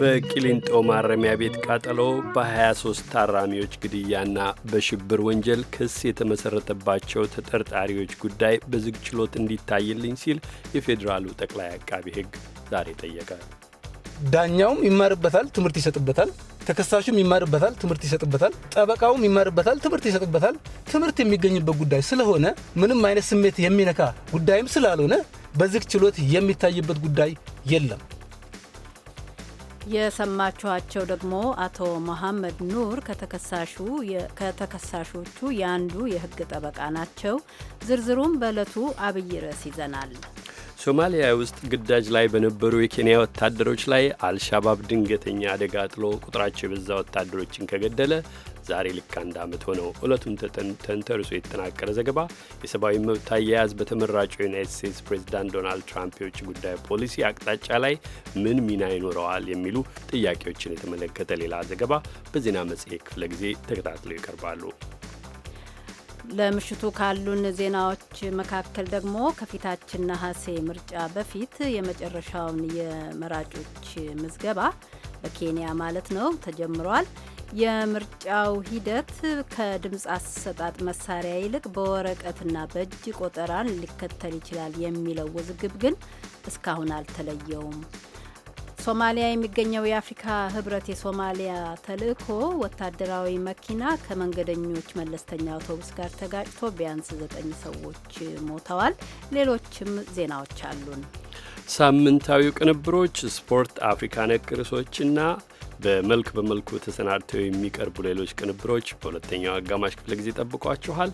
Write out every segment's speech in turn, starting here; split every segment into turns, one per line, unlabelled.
በቂሊንጦ ማረሚያ ቤት ቃጠሎ በ23 ታራሚዎች ግድያና በሽብር ወንጀል ክስ የተመሠረተባቸው ተጠርጣሪዎች ጉዳይ በዝግ ችሎት እንዲታይልኝ ሲል የፌዴራሉ ጠቅላይ አቃቢ ሕግ ዛሬ ጠየቀ።
ዳኛውም ይማርበታል፣ ትምህርት ይሰጥበታል። ተከሳሹም ይማርበታል፣ ትምህርት ይሰጥበታል። ጠበቃውም ይማርበታል፣ ትምህርት ይሰጥበታል። ትምህርት የሚገኝበት ጉዳይ ስለሆነ ምንም አይነት ስሜት የሚነካ ጉዳይም ስላልሆነ በዝግ ችሎት የሚታይበት ጉዳይ የለም።
የሰማችኋቸው ደግሞ አቶ መሐመድ ኑር ከተከሳሾቹ የአንዱ የህግ ጠበቃ ናቸው። ዝርዝሩም በዕለቱ አብይ ርዕስ ይዘናል።
ሶማሊያ ውስጥ ግዳጅ ላይ በነበሩ የኬንያ ወታደሮች ላይ አልሻባብ ድንገተኛ አደጋ ጥሎ ቁጥራቸው የበዛ ወታደሮችን ከገደለ ዛሬ ልክ አንድ ዓመት ሆነው። ዕለቱም ተንተርሶ የተጠናቀረ ዘገባ የሰብአዊ መብት አያያዝ በተመራጩ ዩናይት ስቴትስ ፕሬዚዳንት ዶናልድ ትራምፕ የውጭ ጉዳይ ፖሊሲ አቅጣጫ ላይ ምን ሚና ይኖረዋል የሚሉ ጥያቄዎችን የተመለከተ ሌላ ዘገባ በዜና መጽሔት ክፍለ ጊዜ ተከታትለው ይቀርባሉ።
ለምሽቱ ካሉን ዜናዎች መካከል ደግሞ ከፊታችን ነሐሴ ምርጫ በፊት የመጨረሻውን የመራጮች ምዝገባ በኬንያ ማለት ነው ተጀምሯል። የምርጫው ሂደት ከድምፅ አሰጣጥ መሳሪያ ይልቅ በወረቀትና በእጅ ቆጠራን ሊከተል ይችላል የሚለው ውዝግብ ግን እስካሁን አልተለየውም። ሶማሊያ የሚገኘው የአፍሪካ ህብረት የሶማሊያ ተልእኮ ወታደራዊ መኪና ከመንገደኞች መለስተኛ አውቶቡስ ጋር ተጋጭቶ ቢያንስ ዘጠኝ ሰዎች ሞተዋል። ሌሎችም ዜናዎች አሉን።
ሳምንታዊ ቅንብሮች፣ ስፖርት፣ አፍሪካ ነክ ርዕሶችና በመልክ በመልኩ ተሰናድተው የሚቀርቡ ሌሎች ቅንብሮች በሁለተኛው አጋማሽ ክፍለ ጊዜ ጠብቋችኋል።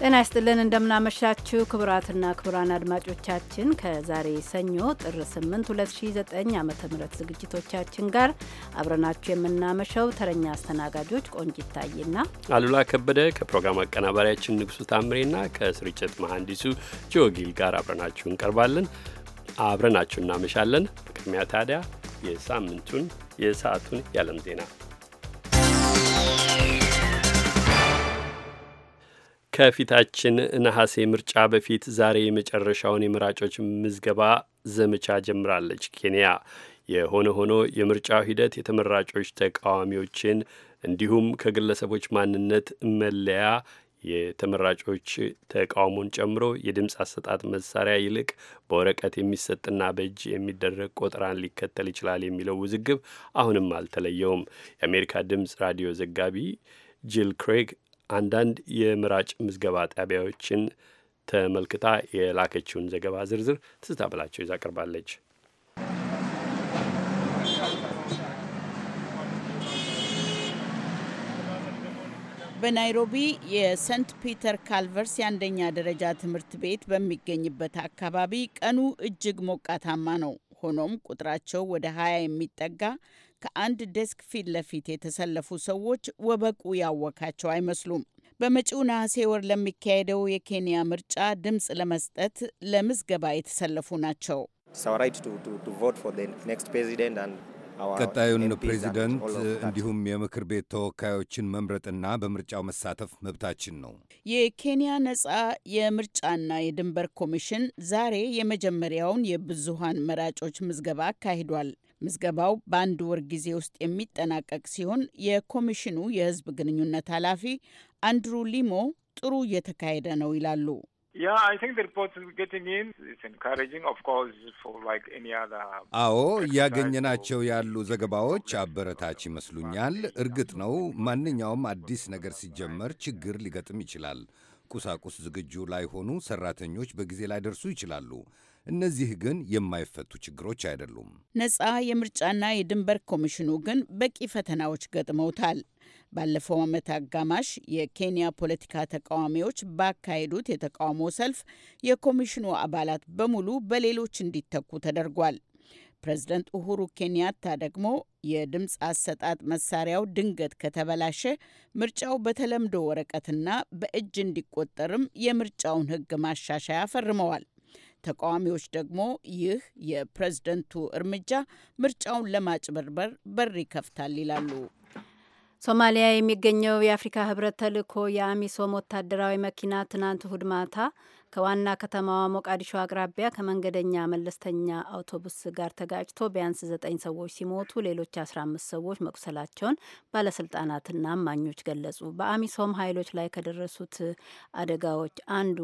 ጤና ይስጥልን እንደምናመሻችሁ ክቡራትና ክቡራን አድማጮቻችን ከዛሬ ሰኞ ጥር 8 2009 ዓ ም ዝግጅቶቻችን ጋር አብረናችሁ የምናመሸው ተረኛ አስተናጋጆች ቆንጅ ይታይና
አሉላ ከበደ ከፕሮግራም አቀናባሪያችን ንጉሱ ታምሬና ከስርጭት መሐንዲሱ ጆጊል ጋር አብረናችሁ እንቀርባለን አብረናችሁ እናመሻለን። በቅድሚያ ታዲያ የሳምንቱን የሰዓቱን የዓለም ዜና ከፊታችን ነሐሴ ምርጫ በፊት ዛሬ የመጨረሻውን የመራጮች ምዝገባ ዘመቻ ጀምራለች ኬንያ። የሆነ ሆኖ የምርጫው ሂደት የተመራጮች ተቃዋሚዎችን እንዲሁም ከግለሰቦች ማንነት መለያ የተመራጮች ተቃውሞን ጨምሮ የድምፅ አሰጣጥ መሳሪያ ይልቅ በወረቀት የሚሰጥና በእጅ የሚደረግ ቆጠራን ሊከተል ይችላል የሚለው ውዝግብ አሁንም አልተለየውም። የአሜሪካ ድምፅ ራዲዮ ዘጋቢ ጂል ክሬግ አንዳንድ የምራጭ ምዝገባ ጣቢያዎችን ተመልክታ የላከችውን ዘገባ ዝርዝር ትዝታ ብላቸው ይዛ ቀርባለች።
በናይሮቢ የሰንት ፒተር ካልቨርስ የአንደኛ ደረጃ ትምህርት ቤት በሚገኝበት አካባቢ ቀኑ እጅግ ሞቃታማ ነው። ሆኖም ቁጥራቸው ወደ 20 የሚጠጋ ከአንድ ዴስክ ፊት ለፊት የተሰለፉ ሰዎች ወበቁ ያወካቸው አይመስሉም። በመጪው ነሐሴ ወር ለሚካሄደው የኬንያ ምርጫ ድምፅ ለመስጠት ለምዝገባ የተሰለፉ ናቸው።
ቀጣዩን
ፕሬዚደንት እንዲሁም የምክር ቤት ተወካዮችን መምረጥና በምርጫው መሳተፍ መብታችን ነው።
የኬንያ ነጻ የምርጫና የድንበር ኮሚሽን ዛሬ የመጀመሪያውን የብዙሃን መራጮች ምዝገባ አካሂዷል። ምዝገባው በአንድ ወር ጊዜ ውስጥ የሚጠናቀቅ ሲሆን የኮሚሽኑ የህዝብ ግንኙነት ኃላፊ አንድሩ ሊሞ ጥሩ እየተካሄደ ነው ይላሉ።
አዎ እያገኘናቸው ያሉ ዘገባዎች አበረታች ይመስሉኛል። እርግጥ ነው ማንኛውም አዲስ ነገር ሲጀመር ችግር ሊገጥም ይችላል። ቁሳቁስ ዝግጁ ላይሆኑ፣ ሰራተኞች በጊዜ ላይደርሱ ይችላሉ። እነዚህ ግን የማይፈቱ ችግሮች አይደሉም።
ነፃ የምርጫና የድንበር ኮሚሽኑ ግን በቂ ፈተናዎች ገጥመውታል። ባለፈው ዓመት አጋማሽ የኬንያ ፖለቲካ ተቃዋሚዎች ባካሄዱት የተቃውሞ ሰልፍ የኮሚሽኑ አባላት በሙሉ በሌሎች እንዲተኩ ተደርጓል። ፕሬዝደንት ኡሁሩ ኬንያታ ደግሞ የድምፅ አሰጣጥ መሳሪያው ድንገት ከተበላሸ ምርጫው በተለምዶ ወረቀትና በእጅ እንዲቆጠርም የምርጫውን ሕግ ማሻሻያ ፈርመዋል። ተቃዋሚዎች ደግሞ ይህ የፕሬዝደንቱ እርምጃ ምርጫውን ለማጭበርበር በር ይከፍታል ይላሉ።
ሶማሊያ የሚገኘው የአፍሪካ ህብረት ተልእኮ የአሚሶም ወታደራዊ መኪና ትናንት እሁድ ማታ ከዋና ከተማዋ ሞቃዲሾ አቅራቢያ ከመንገደኛ መለስተኛ አውቶቡስ ጋር ተጋጭቶ ቢያንስ ዘጠኝ ሰዎች ሲሞቱ ሌሎች አስራ አምስት ሰዎች መቁሰላቸውን ባለስልጣናትና አማኞች ገለጹ። በአሚሶም ኃይሎች ላይ ከደረሱት አደጋዎች አንዱ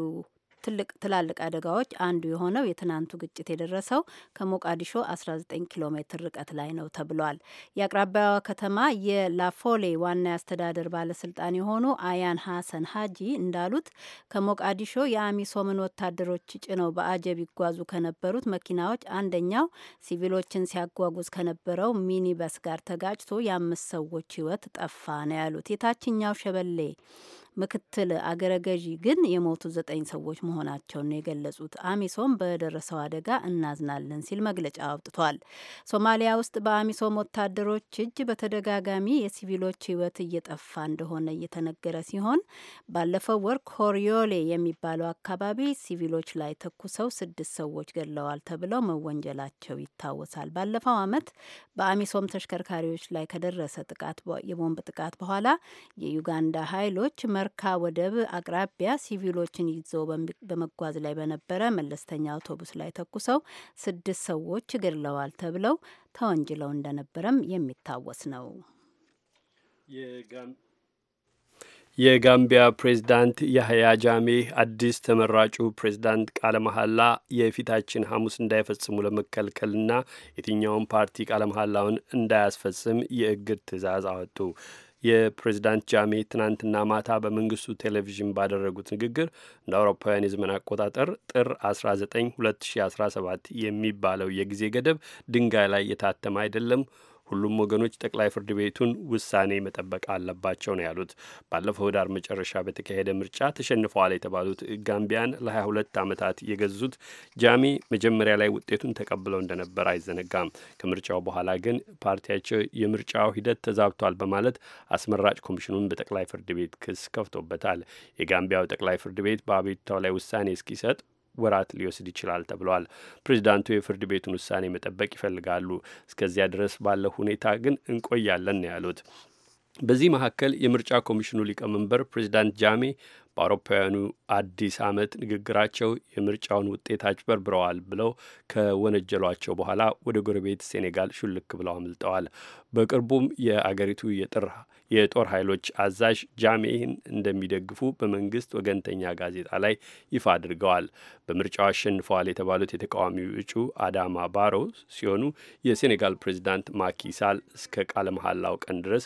ትልቅ ትላልቅ አደጋዎች አንዱ የሆነው የትናንቱ ግጭት የደረሰው ከሞቃዲሾ 19 ኪሎ ሜትር ርቀት ላይ ነው ተብሏል። የአቅራቢያዋ ከተማ የላፎሌ ዋና የአስተዳደር ባለስልጣን የሆኑ አያን ሀሰን ሀጂ እንዳሉት ከሞቃዲሾ የአሚሶምን ወታደሮች ጭነው በአጀብ ይጓዙ ከነበሩት መኪናዎች አንደኛው ሲቪሎችን ሲያጓጉዝ ከነበረው ሚኒበስ ጋር ተጋጭቶ የአምስት ሰዎች ሕይወት ጠፋ ነው ያሉት። የታችኛው ሸበሌ ምክትል አገረ ገዢ ግን የሞቱ ዘጠኝ ሰዎች መሆናቸውን ነው የገለጹት። አሚሶም በደረሰው አደጋ እናዝናለን ሲል መግለጫ አውጥቷል። ሶማሊያ ውስጥ በአሚሶም ወታደሮች እጅ በተደጋጋሚ የሲቪሎች ሕይወት እየጠፋ እንደሆነ እየተነገረ ሲሆን ባለፈው ወር ኮሪዮሌ የሚባለው አካባቢ ሲቪሎች ላይ ተኩሰው ስድስት ሰዎች ገድለዋል ተብለው መወንጀላቸው ይታወሳል። ባለፈው ዓመት በአሚሶም ተሽከርካሪዎች ላይ ከደረሰ ጥቃት የቦምብ ጥቃት በኋላ የዩጋንዳ ኃይሎች ዋርካ ወደብ አቅራቢያ ሲቪሎችን ይዘው በመጓዝ ላይ በነበረ መለስተኛ አውቶቡስ ላይ ተኩሰው ስድስት ሰዎች ገድለዋል ተብለው ተወንጅለው እንደነበረም የሚታወስ ነው።
የጋምቢያ ፕሬዝዳንት ያህያ ጃሜ አዲስ ተመራጩ ፕሬዝዳንት ቃለ መሐላ የፊታችን ሐሙስ እንዳይፈጽሙ ለመከልከልና የትኛውን ፓርቲ ቃለ መሐላውን እንዳያስፈጽም የእግድ ትዕዛዝ አወጡ። የፕሬዚዳንት ጃሜ ትናንትና ማታ በመንግስቱ ቴሌቪዥን ባደረጉት ንግግር እንደ አውሮፓውያን የዘመን አቆጣጠር ጥር 19 2017 የሚባለው የጊዜ ገደብ ድንጋይ ላይ የታተመ አይደለም ሁሉም ወገኖች ጠቅላይ ፍርድ ቤቱን ውሳኔ መጠበቅ አለባቸው ነው ያሉት። ባለፈው ህዳር መጨረሻ በተካሄደ ምርጫ ተሸንፈዋል የተባሉት ጋምቢያን ለ22 ዓመታት የገዙት ጃሚ መጀመሪያ ላይ ውጤቱን ተቀብለው እንደነበር አይዘነጋም። ከምርጫው በኋላ ግን ፓርቲያቸው የምርጫው ሂደት ተዛብቷል በማለት አስመራጭ ኮሚሽኑን በጠቅላይ ፍርድ ቤት ክስ ከፍቶበታል። የጋምቢያው ጠቅላይ ፍርድ ቤት በአቤቱታው ላይ ውሳኔ እስኪሰጥ ወራት ሊወስድ ይችላል ተብሏል። ፕሬዚዳንቱ የፍርድ ቤቱን ውሳኔ መጠበቅ ይፈልጋሉ። እስከዚያ ድረስ ባለው ሁኔታ ግን እንቆያለን ያሉት። በዚህ መካከል የምርጫ ኮሚሽኑ ሊቀመንበር ፕሬዚዳንት ጃሜ በአውሮፓውያኑ አዲስ ዓመት ንግግራቸው የምርጫውን ውጤት አጭበርብረዋል ብለው ከወነጀሏቸው በኋላ ወደ ጎረቤት ሴኔጋል ሹልክ ብለው አምልጠዋል። በቅርቡም የአገሪቱ የጦር ኃይሎች አዛዥ ጃሜህን እንደሚደግፉ በመንግስት ወገንተኛ ጋዜጣ ላይ ይፋ አድርገዋል። በምርጫው አሸንፈዋል የተባሉት የተቃዋሚው እጩ አዳማ ባሮ ሲሆኑ የሴኔጋል ፕሬዚዳንት ማኪሳል እስከ ቃለ መሐላው ቀን ድረስ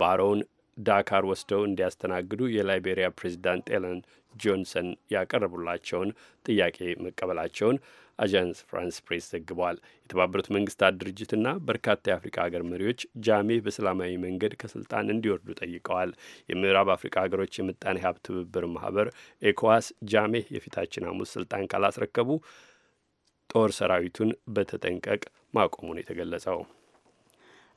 ባሮውን ዳካር ወስደው እንዲያስተናግዱ የላይቤሪያ ፕሬዚዳንት ኤለን ጆንሰን ያቀረቡላቸውን ጥያቄ መቀበላቸውን አዣንስ ፍራንስ ፕሬስ ዘግቧል። የተባበሩት መንግስታት ድርጅትና በርካታ የአፍሪካ ሀገር መሪዎች ጃሜ በሰላማዊ መንገድ ከስልጣን እንዲወርዱ ጠይቀዋል። የምዕራብ አፍሪካ ሀገሮች የምጣኔ ሀብት ትብብር ማህበር ኤኮዋስ ጃሜ የፊታችን ሐሙስ ስልጣን ካላስረከቡ ጦር ሰራዊቱን በተጠንቀቅ ማቆሙን የተገለጸው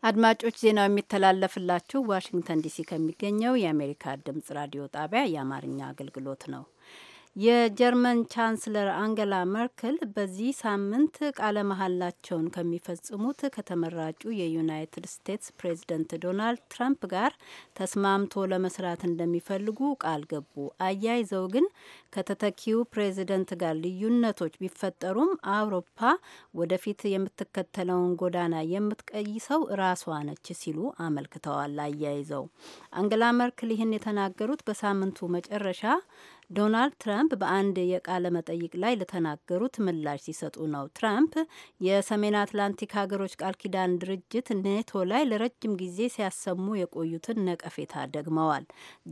አድማጮች ዜናው የሚተላለፍላችሁ ዋሽንግተን ዲሲ ከሚገኘው የአሜሪካ ድምጽ ራዲዮ ጣቢያ የአማርኛ አገልግሎት ነው። የጀርመን ቻንስለር አንገላ መርክል በዚህ ሳምንት ቃለ መሀላቸውን ከሚፈጽሙት ከተመራጩ የዩናይትድ ስቴትስ ፕሬዝደንት ዶናልድ ትራምፕ ጋር ተስማምቶ ለመስራት እንደሚፈልጉ ቃል ገቡ። አያይዘው ግን ከተተኪው ፕሬዝደንት ጋር ልዩነቶች ቢፈጠሩም አውሮፓ ወደፊት የምትከተለውን ጎዳና የምትቀይሰው ራሷ ነች ሲሉ አመልክተዋል። አያይዘው አንገላ መርክል ይህን የተናገሩት በሳምንቱ መጨረሻ ዶናልድ ትራምፕ በአንድ የቃለ መጠይቅ ላይ ለተናገሩት ምላሽ ሲሰጡ ነው። ትራምፕ የሰሜን አትላንቲክ ሀገሮች ቃል ኪዳን ድርጅት ኔቶ ላይ ለረጅም ጊዜ ሲያሰሙ የቆዩትን ነቀፌታ ደግመዋል።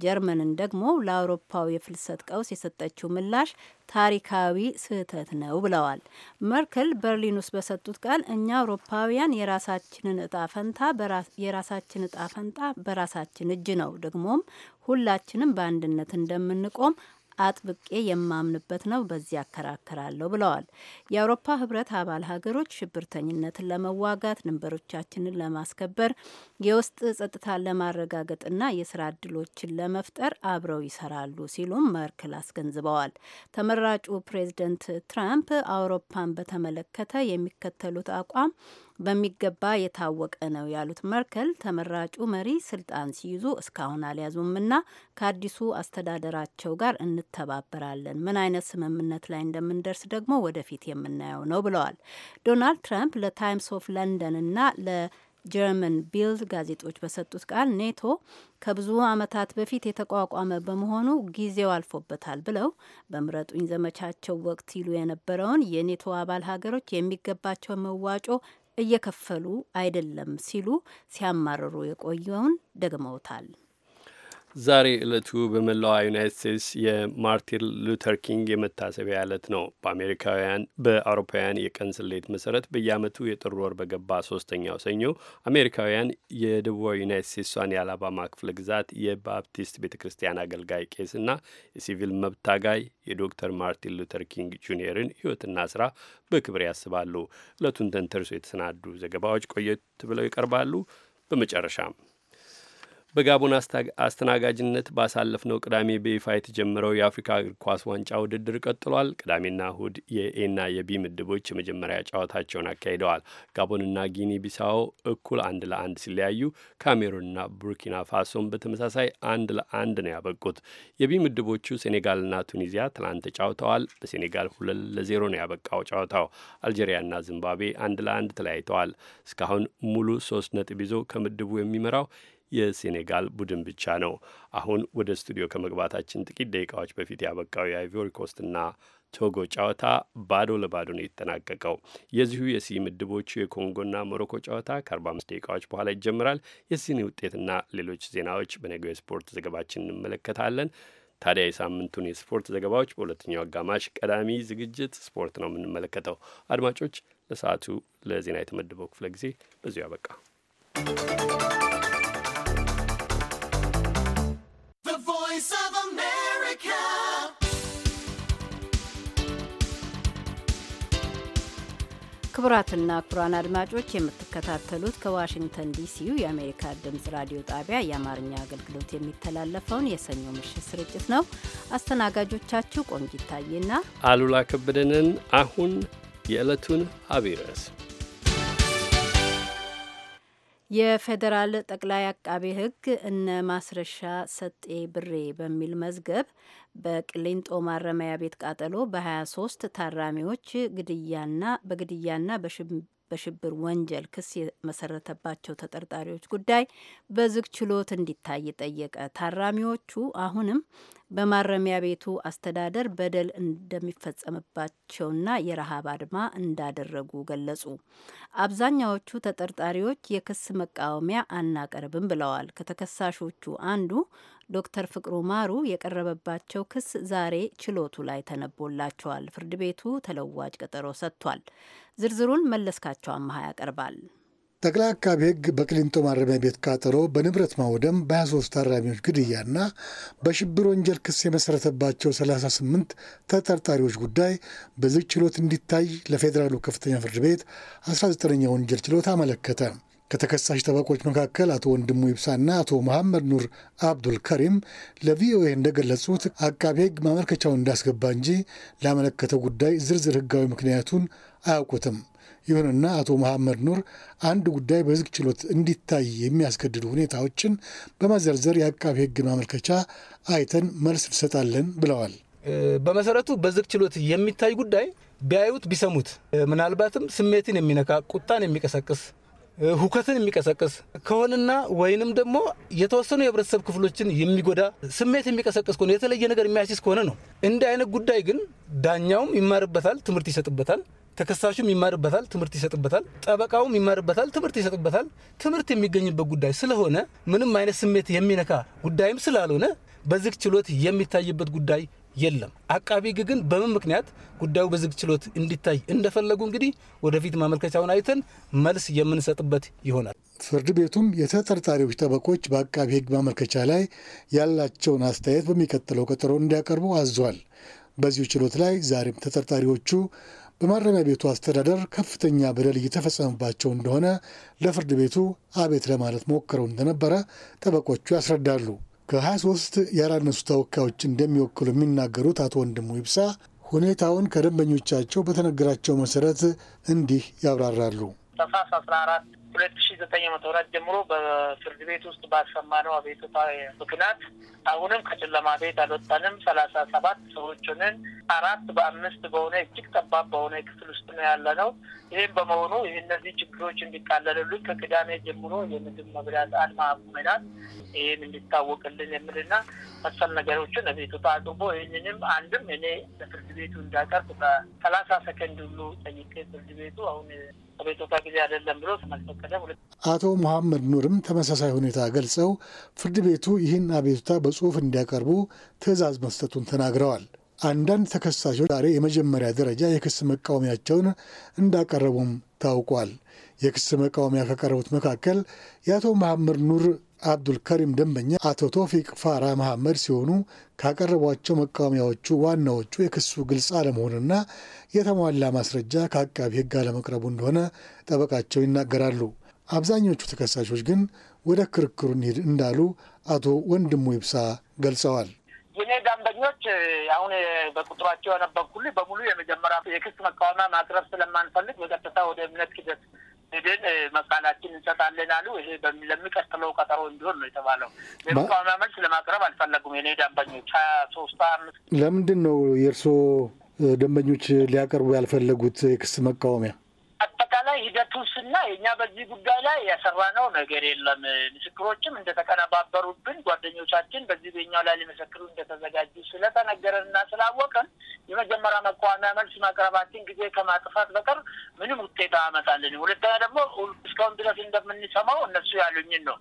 ጀርመንን ደግሞ ለአውሮፓው የፍልሰት ቀውስ የሰጠችው ምላሽ ታሪካዊ ስህተት ነው ብለዋል። መርከል በርሊን ውስጥ በሰጡት ቃል እኛ አውሮፓውያን የራሳችንን እጣ ፈንታ የራሳችን እጣ ፈንታ በራሳችን እጅ ነው፣ ደግሞም ሁላችንም በአንድነት እንደምንቆም አጥብቄ የማምንበት ነው። በዚህ ያከራከራለሁ ብለዋል። የአውሮፓ ህብረት አባል ሀገሮች ሽብርተኝነትን ለመዋጋት ድንበሮቻችንን ለማስከበር የውስጥ ጸጥታን ለማረጋገጥና የስራ እድሎችን ለመፍጠር አብረው ይሰራሉ ሲሉም መርክል አስገንዝበዋል። ተመራጩ ፕሬዚደንት ትራምፕ አውሮፓን በተመለከተ የሚከተሉት አቋም በሚገባ የታወቀ ነው ያሉት መርከል ተመራጩ መሪ ስልጣን ሲይዙ እስካሁን አልያዙምና ከአዲሱ አስተዳደራቸው ጋር እንተባበራለን። ምን አይነት ስምምነት ላይ እንደምንደርስ ደግሞ ወደፊት የምናየው ነው ብለዋል። ዶናልድ ትራምፕ ለታይምስ ኦፍ ለንደን እና ለ ጀርመን ቢልድ ጋዜጦች በሰጡት ቃል ኔቶ ከብዙ ዓመታት በፊት የተቋቋመ በመሆኑ ጊዜው አልፎበታል ብለው በምረጡኝ ዘመቻቸው ወቅት ይሉ የነበረውን የኔቶ አባል ሀገሮች የሚገባቸው መዋጮ እየከፈሉ አይደለም ሲሉ ሲያማርሩ የቆየውን ደግመውታል።
ዛሬ ዕለቱ በመላዋ ዩናይት ስቴትስ የማርቲን ሉተር ኪንግ የመታሰቢያ ዕለት ነው። በአሜሪካውያን በአውሮፓውያን የቀን ስሌት መሰረት በየአመቱ የጥር ወር በገባ ሶስተኛው ሰኞ አሜሪካውያን የደቡባዊ ዩናይት ስቴትሷን የአላባማ ክፍለ ግዛት የባፕቲስት ቤተ ክርስቲያን አገልጋይ ቄስና የሲቪል መብት ታጋይ የዶክተር ማርቲን ሉተር ኪንግ ጁኒየርን ህይወትና ስራ በክብር ያስባሉ። ዕለቱን ተንተርሶ የተሰናዱ ዘገባዎች ቆየት ብለው ይቀርባሉ። በመጨረሻም በጋቦን አስተናጋጅነት ባሳለፍነው ቅዳሜ በይፋ የተጀመረው የአፍሪካ እግር ኳስ ዋንጫ ውድድር ቀጥሏል። ቅዳሜና እሁድ የኤና የቢ ምድቦች የመጀመሪያ ጨዋታቸውን አካሂደዋል። ጋቦንና ጊኒ ቢሳው እኩል አንድ ለአንድ ሲለያዩ፣ ካሜሩንና ቡርኪና ፋሶም በተመሳሳይ አንድ ለአንድ ነው ያበቁት። የቢ ምድቦቹ ሴኔጋልና ቱኒዚያ ትላንት ተጫውተዋል። በሴኔጋል ሁለት ለዜሮ ነው ያበቃው ጨዋታው። አልጄሪያና ዚምባብዌ አንድ ለአንድ ተለያይተዋል። እስካሁን ሙሉ ሶስት ነጥብ ይዞ ከምድቡ የሚመራው የሴኔጋል ቡድን ብቻ ነው። አሁን ወደ ስቱዲዮ ከመግባታችን ጥቂት ደቂቃዎች በፊት ያበቃው የአይቮሪ ኮስትና ቶጎ ጨዋታ ባዶ ለባዶ ነው የተጠናቀቀው። የዚሁ የሲ ምድቦቹ የኮንጎና ሞሮኮ ጨዋታ ከ45 ደቂቃዎች በኋላ ይጀምራል። የሲኒ ውጤትና ሌሎች ዜናዎች በነገው የስፖርት ዘገባችን እንመለከታለን። ታዲያ የሳምንቱን የስፖርት ዘገባዎች በሁለተኛው አጋማሽ ቀዳሚ ዝግጅት ስፖርት ነው የምንመለከተው። አድማጮች፣ ለሰዓቱ ለዜና የተመደበው ክፍለ ጊዜ በዚሁ ያበቃ።
ክቡራትና ክቡራን አድማጮች የምትከታተሉት ከዋሽንግተን ዲሲው የአሜሪካ ድምፅ ራዲዮ ጣቢያ የአማርኛ አገልግሎት የሚተላለፈውን የሰኞ ምሽት ስርጭት ነው። አስተናጋጆቻችሁ ቆንጂት ታዬና
አሉላ ከበደንን። አሁን የዕለቱን አብይ ርዕስ
የፌዴራል ጠቅላይ አቃቤ ሕግ እነ ማስረሻ ሰጤ ብሬ በሚል መዝገብ በቅሊንጦ ማረሚያ ቤት ቃጠሎ በ23 ታራሚዎች ግድያና በግድያና በሽብር ወንጀል ክስ የመሰረተባቸው ተጠርጣሪዎች ጉዳይ በዝግ ችሎት እንዲታይ ጠየቀ። ታራሚዎቹ አሁንም በማረሚያ ቤቱ አስተዳደር በደል እንደሚፈጸምባቸውና የረሃብ አድማ እንዳደረጉ ገለጹ። አብዛኛዎቹ ተጠርጣሪዎች የክስ መቃወሚያ አናቀርብም ብለዋል። ከተከሳሾቹ አንዱ ዶክተር ፍቅሩ ማሩ የቀረበባቸው ክስ ዛሬ ችሎቱ ላይ ተነቦላቸዋል። ፍርድ ቤቱ ተለዋጭ ቀጠሮ ሰጥቷል። ዝርዝሩን መለስካቸው አመሃ ያቀርባል።
ጠቅላይ አቃቤ ሕግ በቅሊንጦ ማረሚያ ቤት ቃጠሎ፣ በንብረት ማውደም፣ በ23 ታራሚዎች ግድያና በሽብር ወንጀል ክስ የመሰረተባቸው 38 ተጠርጣሪዎች ጉዳይ በዝግ ችሎት እንዲታይ ለፌዴራሉ ከፍተኛ ፍርድ ቤት 19ኛ ወንጀል ችሎት አመለከተ። ከተከሳሽ ጠበቆች መካከል አቶ ወንድሙ ይብሳና አቶ መሐመድ ኑር አብዱል ከሪም ለቪኦኤ እንደገለጹት አቃቤ ሕግ ማመልከቻውን እንዳስገባ እንጂ ላመለከተው ጉዳይ ዝርዝር ሕጋዊ ምክንያቱን አያውቁትም። ይሁንና አቶ መሐመድ ኑር አንድ ጉዳይ በዝግ ችሎት እንዲታይ የሚያስገድዱ ሁኔታዎችን በመዘርዘር የአቃቢ ሕግ ማመልከቻ አይተን መልስ እንሰጣለን ብለዋል።
በመሰረቱ በዝግ ችሎት የሚታይ ጉዳይ ቢያዩት ቢሰሙት ምናልባትም ስሜትን የሚነካ ቁጣን የሚቀሰቅስ ሁከትን የሚቀሰቅስ ከሆነና ወይንም ደግሞ የተወሰኑ የህብረተሰብ ክፍሎችን የሚጎዳ ስሜት የሚቀሰቅስ ከሆነ የተለየ ነገር የሚያስይዝ ከሆነ ነው። እንዲህ አይነት ጉዳይ ግን ዳኛውም ይማርበታል፣ ትምህርት ይሰጥበታል። ተከሳሹም ይማርበታል፣ ትምህርት ይሰጥበታል። ጠበቃውም ይማርበታል፣ ትምህርት ይሰጥበታል። ትምህርት የሚገኝበት ጉዳይ ስለሆነ ምንም አይነት ስሜት የሚነካ ጉዳይም ስላልሆነ በዝግ ችሎት የሚታይበት ጉዳይ የለም። አቃቢ ሕግ ግን በምን ምክንያት ጉዳዩ በዝግ ችሎት እንዲታይ እንደፈለጉ እንግዲህ ወደፊት ማመልከቻውን አይተን መልስ የምንሰጥበት ይሆናል።
ፍርድ ቤቱም የተጠርጣሪዎች ጠበቆች በአቃቢ ሕግ ማመልከቻ ላይ ያላቸውን አስተያየት በሚቀጥለው ቀጠሮ እንዲያቀርቡ አዟል። በዚሁ ችሎት ላይ ዛሬም ተጠርጣሪዎቹ በማረሚያ ቤቱ አስተዳደር ከፍተኛ በደል እየተፈጸመባቸው እንደሆነ ለፍርድ ቤቱ አቤት ለማለት ሞክረው እንደነበረ ጠበቆቹ ያስረዳሉ። ከ23 ያላነሱ ተወካዮች እንደሚወክሉ የሚናገሩት አቶ ወንድሙ ይብሳ ሁኔታውን ከደንበኞቻቸው በተነገራቸው መሰረት እንዲህ ያብራራሉ። በፋስ 14
ሁለት ሺ ዘጠኝ መቶ ምህረት ጀምሮ በፍርድ ቤት ውስጥ ባሰማነው አቤቱታ ምክንያት አሁንም ከጨለማ ቤት አልወጣንም። ሰላሳ ሰባት ሰዎችንን አራት በአምስት በሆነ እጅግ ጠባብ በሆነ ክፍል ውስጥ ነው ያለ ነው። ይህም በመሆኑ እነዚህ ችግሮች እንዲቃለልሉኝ ከቅዳሜ ጀምሮ የምግብ መብላት አድማ አቁመናል። ይህን እንዲታወቅልን የምልና መሰል ነገሮችን አቤቱታ አቅርቦ ይህንንም አንድም እኔ ለፍርድ ቤቱ እንዳቀርብ በሰላሳ ሰከንድ ሁሉ ጠይቄ ፍርድ ቤቱ አሁን አቤቱታ ጊዜ አይደለም ብሎ ተመልሰ
አቶ መሐመድ ኑርም ተመሳሳይ ሁኔታ ገልጸው ፍርድ ቤቱ ይህን አቤቱታ በጽሁፍ እንዲያቀርቡ ትዕዛዝ መስጠቱን ተናግረዋል። አንዳንድ ተከሳሾች ዛሬ የመጀመሪያ ደረጃ የክስ መቃወሚያቸውን እንዳቀረቡም ታውቋል። የክስ መቃወሚያ ከቀረቡት መካከል የአቶ መሐመድ ኑር አብዱል ከሪም ደንበኛ አቶ ቶፊቅ ፋራ መሐመድ ሲሆኑ ካቀረቧቸው መቃወሚያዎቹ ዋናዎቹ የክሱ ግልጽ አለመሆንና የተሟላ ማስረጃ ከአቃቢ ሕግ አለመቅረቡ እንደሆነ ጠበቃቸው ይናገራሉ። አብዛኞቹ ተከሳሾች ግን ወደ ክርክሩ እንሂድ እንዳሉ አቶ ወንድሙ ይብሳ ገልጸዋል።
የኔ ደንበኞች አሁን በቁጥሯቸው ያነበብኩልህ በሙሉ የመጀመሪያ የክስ መቃወሚያ ማቅረብ ስለማንፈልግ በቀጥታ ወደ እምነት ክደት ሄደን መቃላችን እንሰጣለን አሉ። ይሄ ለሚቀጥለው ቀጠሮ እንዲሆን ነው የተባለው። የመቃወሚያ መልስ ለማቅረብ አልፈለጉም። የኔ ደንበኞች ሀያ ሶስት አምስት
ለምንድን ነው የእርስዎ ደንበኞች ሊያቀርቡ ያልፈለጉት የክስ መቃወሚያ?
አጠቃላይ ሂደቱን ስና እኛ በዚህ ጉዳይ ላይ ያሰራነው ነገር የለም። ምስክሮችም እንደተቀነባበሩብን ጓደኞቻችን በዚህ በኛው ላይ ሊመሰክሩ እንደተዘጋጁ እና ስላወቅን የመጀመሪያ መቋሚያ መልስ ማቅረባችን ጊዜ ከማጥፋት በቀር ምንም ውጤት አመጣልን። ሁለተኛ ደግሞ እስካሁን ድረስ እንደምንሰማው እነሱ ያሉኝን ነው።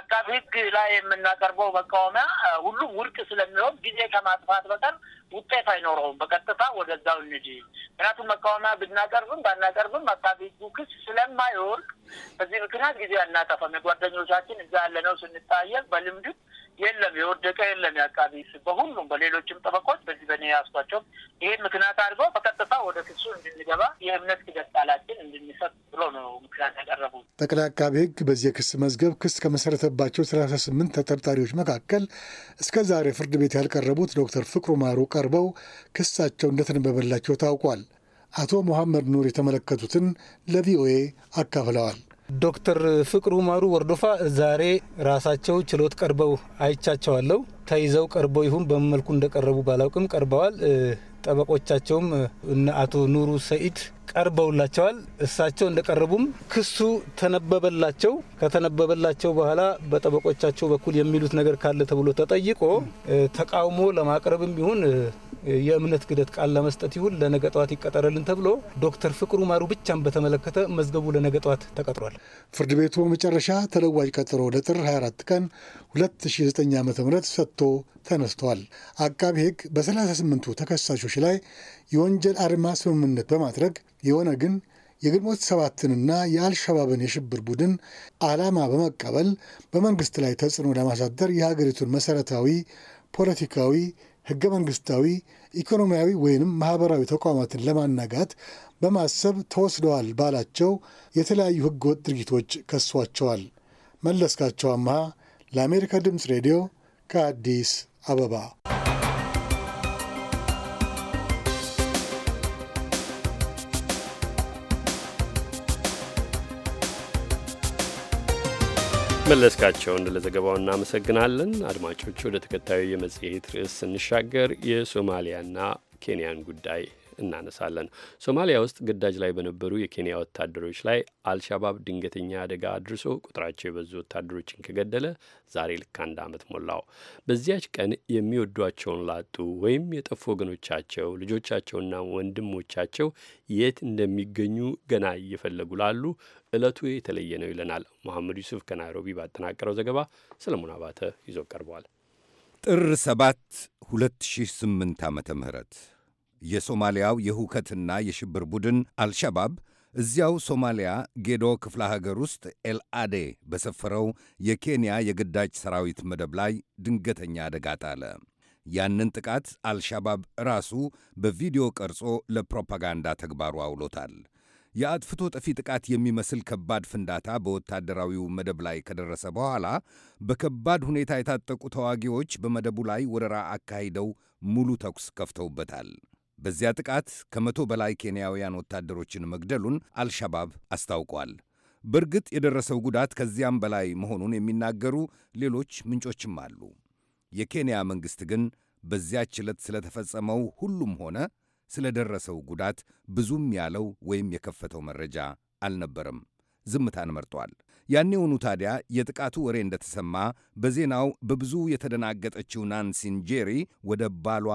አቃቤ ሕግ ላይ የምናቀርበው መቃወሚያ ሁሉም ውድቅ ስለሚሆን ጊዜ ከማጥፋት በቀር ውጤት አይኖረውም። በቀጥታ ወደዛው እንጂ ምክንያቱም መቃወሚያ ብናቀርብም ባናቀርብም አቃቤ ሕጉ ክስ ስለማይወርቅ በዚህ ምክንያት ጊዜ አናጠፋም። የጓደኞቻችን እዛ ያለነው ስንታየቅ በልምድም የለም የወደቀ የለም። የአቃቢ በሁሉም በሌሎችም ጠበቆች በዚህ በኔ ያስቷቸው ይሄን ምክንያት አድርገው በቀጥታ ወደ ክሱ እንድንገባ የእምነት ክደት ቃላችን እንድንሰጥ ብሎ ነው ምክንያት ያቀረቡት።
ጠቅላይ አቃቢ ሕግ በዚህ የክስ መዝገብ ክስ ከመሰረተባቸው ሰላሳ ስምንት ተጠርጣሪዎች መካከል እስከ ዛሬ ፍርድ ቤት ያልቀረቡት ዶክተር ፍቅሩ ማሩ ቀርበው ክሳቸው እንደተነበበላቸው ታውቋል። አቶ መሐመድ ኑር የተመለከቱትን ለቪኦኤ አካፍለዋል።
ዶክተር ፍቅሩ ማሩ ወርዶፋ ዛሬ ራሳቸው ችሎት ቀርበው አይቻቸዋለሁ። ተይዘው ቀርበው ይሁን በምን መልኩ እንደቀረቡ ባላውቅም ቀርበዋል። ጠበቆቻቸውም እነ አቶ ኑሩ ሰኢድ ቀርበውላቸዋል። እሳቸው እንደቀረቡም ክሱ ተነበበላቸው። ከተነበበላቸው በኋላ በጠበቆቻቸው በኩል የሚሉት ነገር ካለ ተብሎ ተጠይቆ ተቃውሞ ለማቅረብም ይሁን የእምነት ክደት ቃል ለመስጠት ይሁን ለነገ ጠዋት ይቀጠረልን ተብሎ ዶክተር ፍቅሩ ማሩ ብቻን በተመለከተ መዝገቡ ለነገ ጠዋት ተቀጥሯል።
ፍርድ ቤቱ በመጨረሻ ተለዋጭ ቀጠሮ ለጥር 24 ቀን 2009 ዓ ም ሰጥቶ ተነስተዋል። አቃቢ ሕግ በ38ቱ ተከሳሾች ላይ የወንጀል አድማ ስምምነት በማድረግ የሆነ ግን የግንቦት ሰባትንና የአልሸባብን የሽብር ቡድን ዓላማ በመቀበል በመንግስት ላይ ተጽዕኖ ለማሳደር የሀገሪቱን መሠረታዊ ፖለቲካዊ፣ ህገ መንግስታዊ፣ ኢኮኖሚያዊ ወይንም ማህበራዊ ተቋማትን ለማናጋት በማሰብ ተወስደዋል ባላቸው የተለያዩ ህገወጥ ድርጊቶች ከሷቸዋል። መለስካቸው አምሃ ለአሜሪካ ድምፅ ሬዲዮ ከአዲስ አበባ
መለስካቸውን ለዘገባው እናመሰግናለን። አድማጮች፣ ወደ ተከታዩ የመጽሔት ርዕስ ስንሻገር የሶማሊያና ኬንያን ጉዳይ እናነሳለን። ሶማሊያ ውስጥ ግዳጅ ላይ በነበሩ የኬንያ ወታደሮች ላይ አልሻባብ ድንገተኛ አደጋ አድርሶ ቁጥራቸው የበዙ ወታደሮችን ከገደለ ዛሬ ልክ አንድ ዓመት ሞላው። በዚያች ቀን የሚወዷቸውን ላጡ ወይም የጠፉ ወገኖቻቸው ልጆቻቸውና ወንድሞቻቸው የት እንደሚገኙ ገና እየፈለጉ ላሉ ዕለቱ የተለየ ነው ይለናል መሐመድ ዩሱፍ ከናይሮቢ ባጠናቀረው ዘገባ ሰለሞን አባተ ይዞ ቀርበዋል።
ጥር 7 2008 ዓመተ ምህረት የሶማሊያው የሁከትና የሽብር ቡድን አልሸባብ እዚያው ሶማሊያ ጌዶ ክፍለ ሀገር ውስጥ ኤልአዴ በሰፈረው የኬንያ የግዳጅ ሰራዊት መደብ ላይ ድንገተኛ አደጋ ጣለ። ያንን ጥቃት አልሻባብ ራሱ በቪዲዮ ቀርጾ ለፕሮፓጋንዳ ተግባሩ አውሎታል። የአጥፍቶ ጠፊ ጥቃት የሚመስል ከባድ ፍንዳታ በወታደራዊው መደብ ላይ ከደረሰ በኋላ በከባድ ሁኔታ የታጠቁ ተዋጊዎች በመደቡ ላይ ወረራ አካሂደው ሙሉ ተኩስ ከፍተውበታል። በዚያ ጥቃት ከመቶ በላይ ኬንያውያን ወታደሮችን መግደሉን አልሻባብ አስታውቋል። በእርግጥ የደረሰው ጉዳት ከዚያም በላይ መሆኑን የሚናገሩ ሌሎች ምንጮችም አሉ። የኬንያ መንግሥት ግን በዚያች ዕለት ስለተፈጸመው ሁሉም ሆነ ስለደረሰው ጉዳት ብዙም ያለው ወይም የከፈተው መረጃ አልነበረም። ዝምታን መርጧል። ያኔውኑ ታዲያ የጥቃቱ ወሬ እንደተሰማ በዜናው በብዙ የተደናገጠችው ናንሲ ጄሪ ወደ ባሏ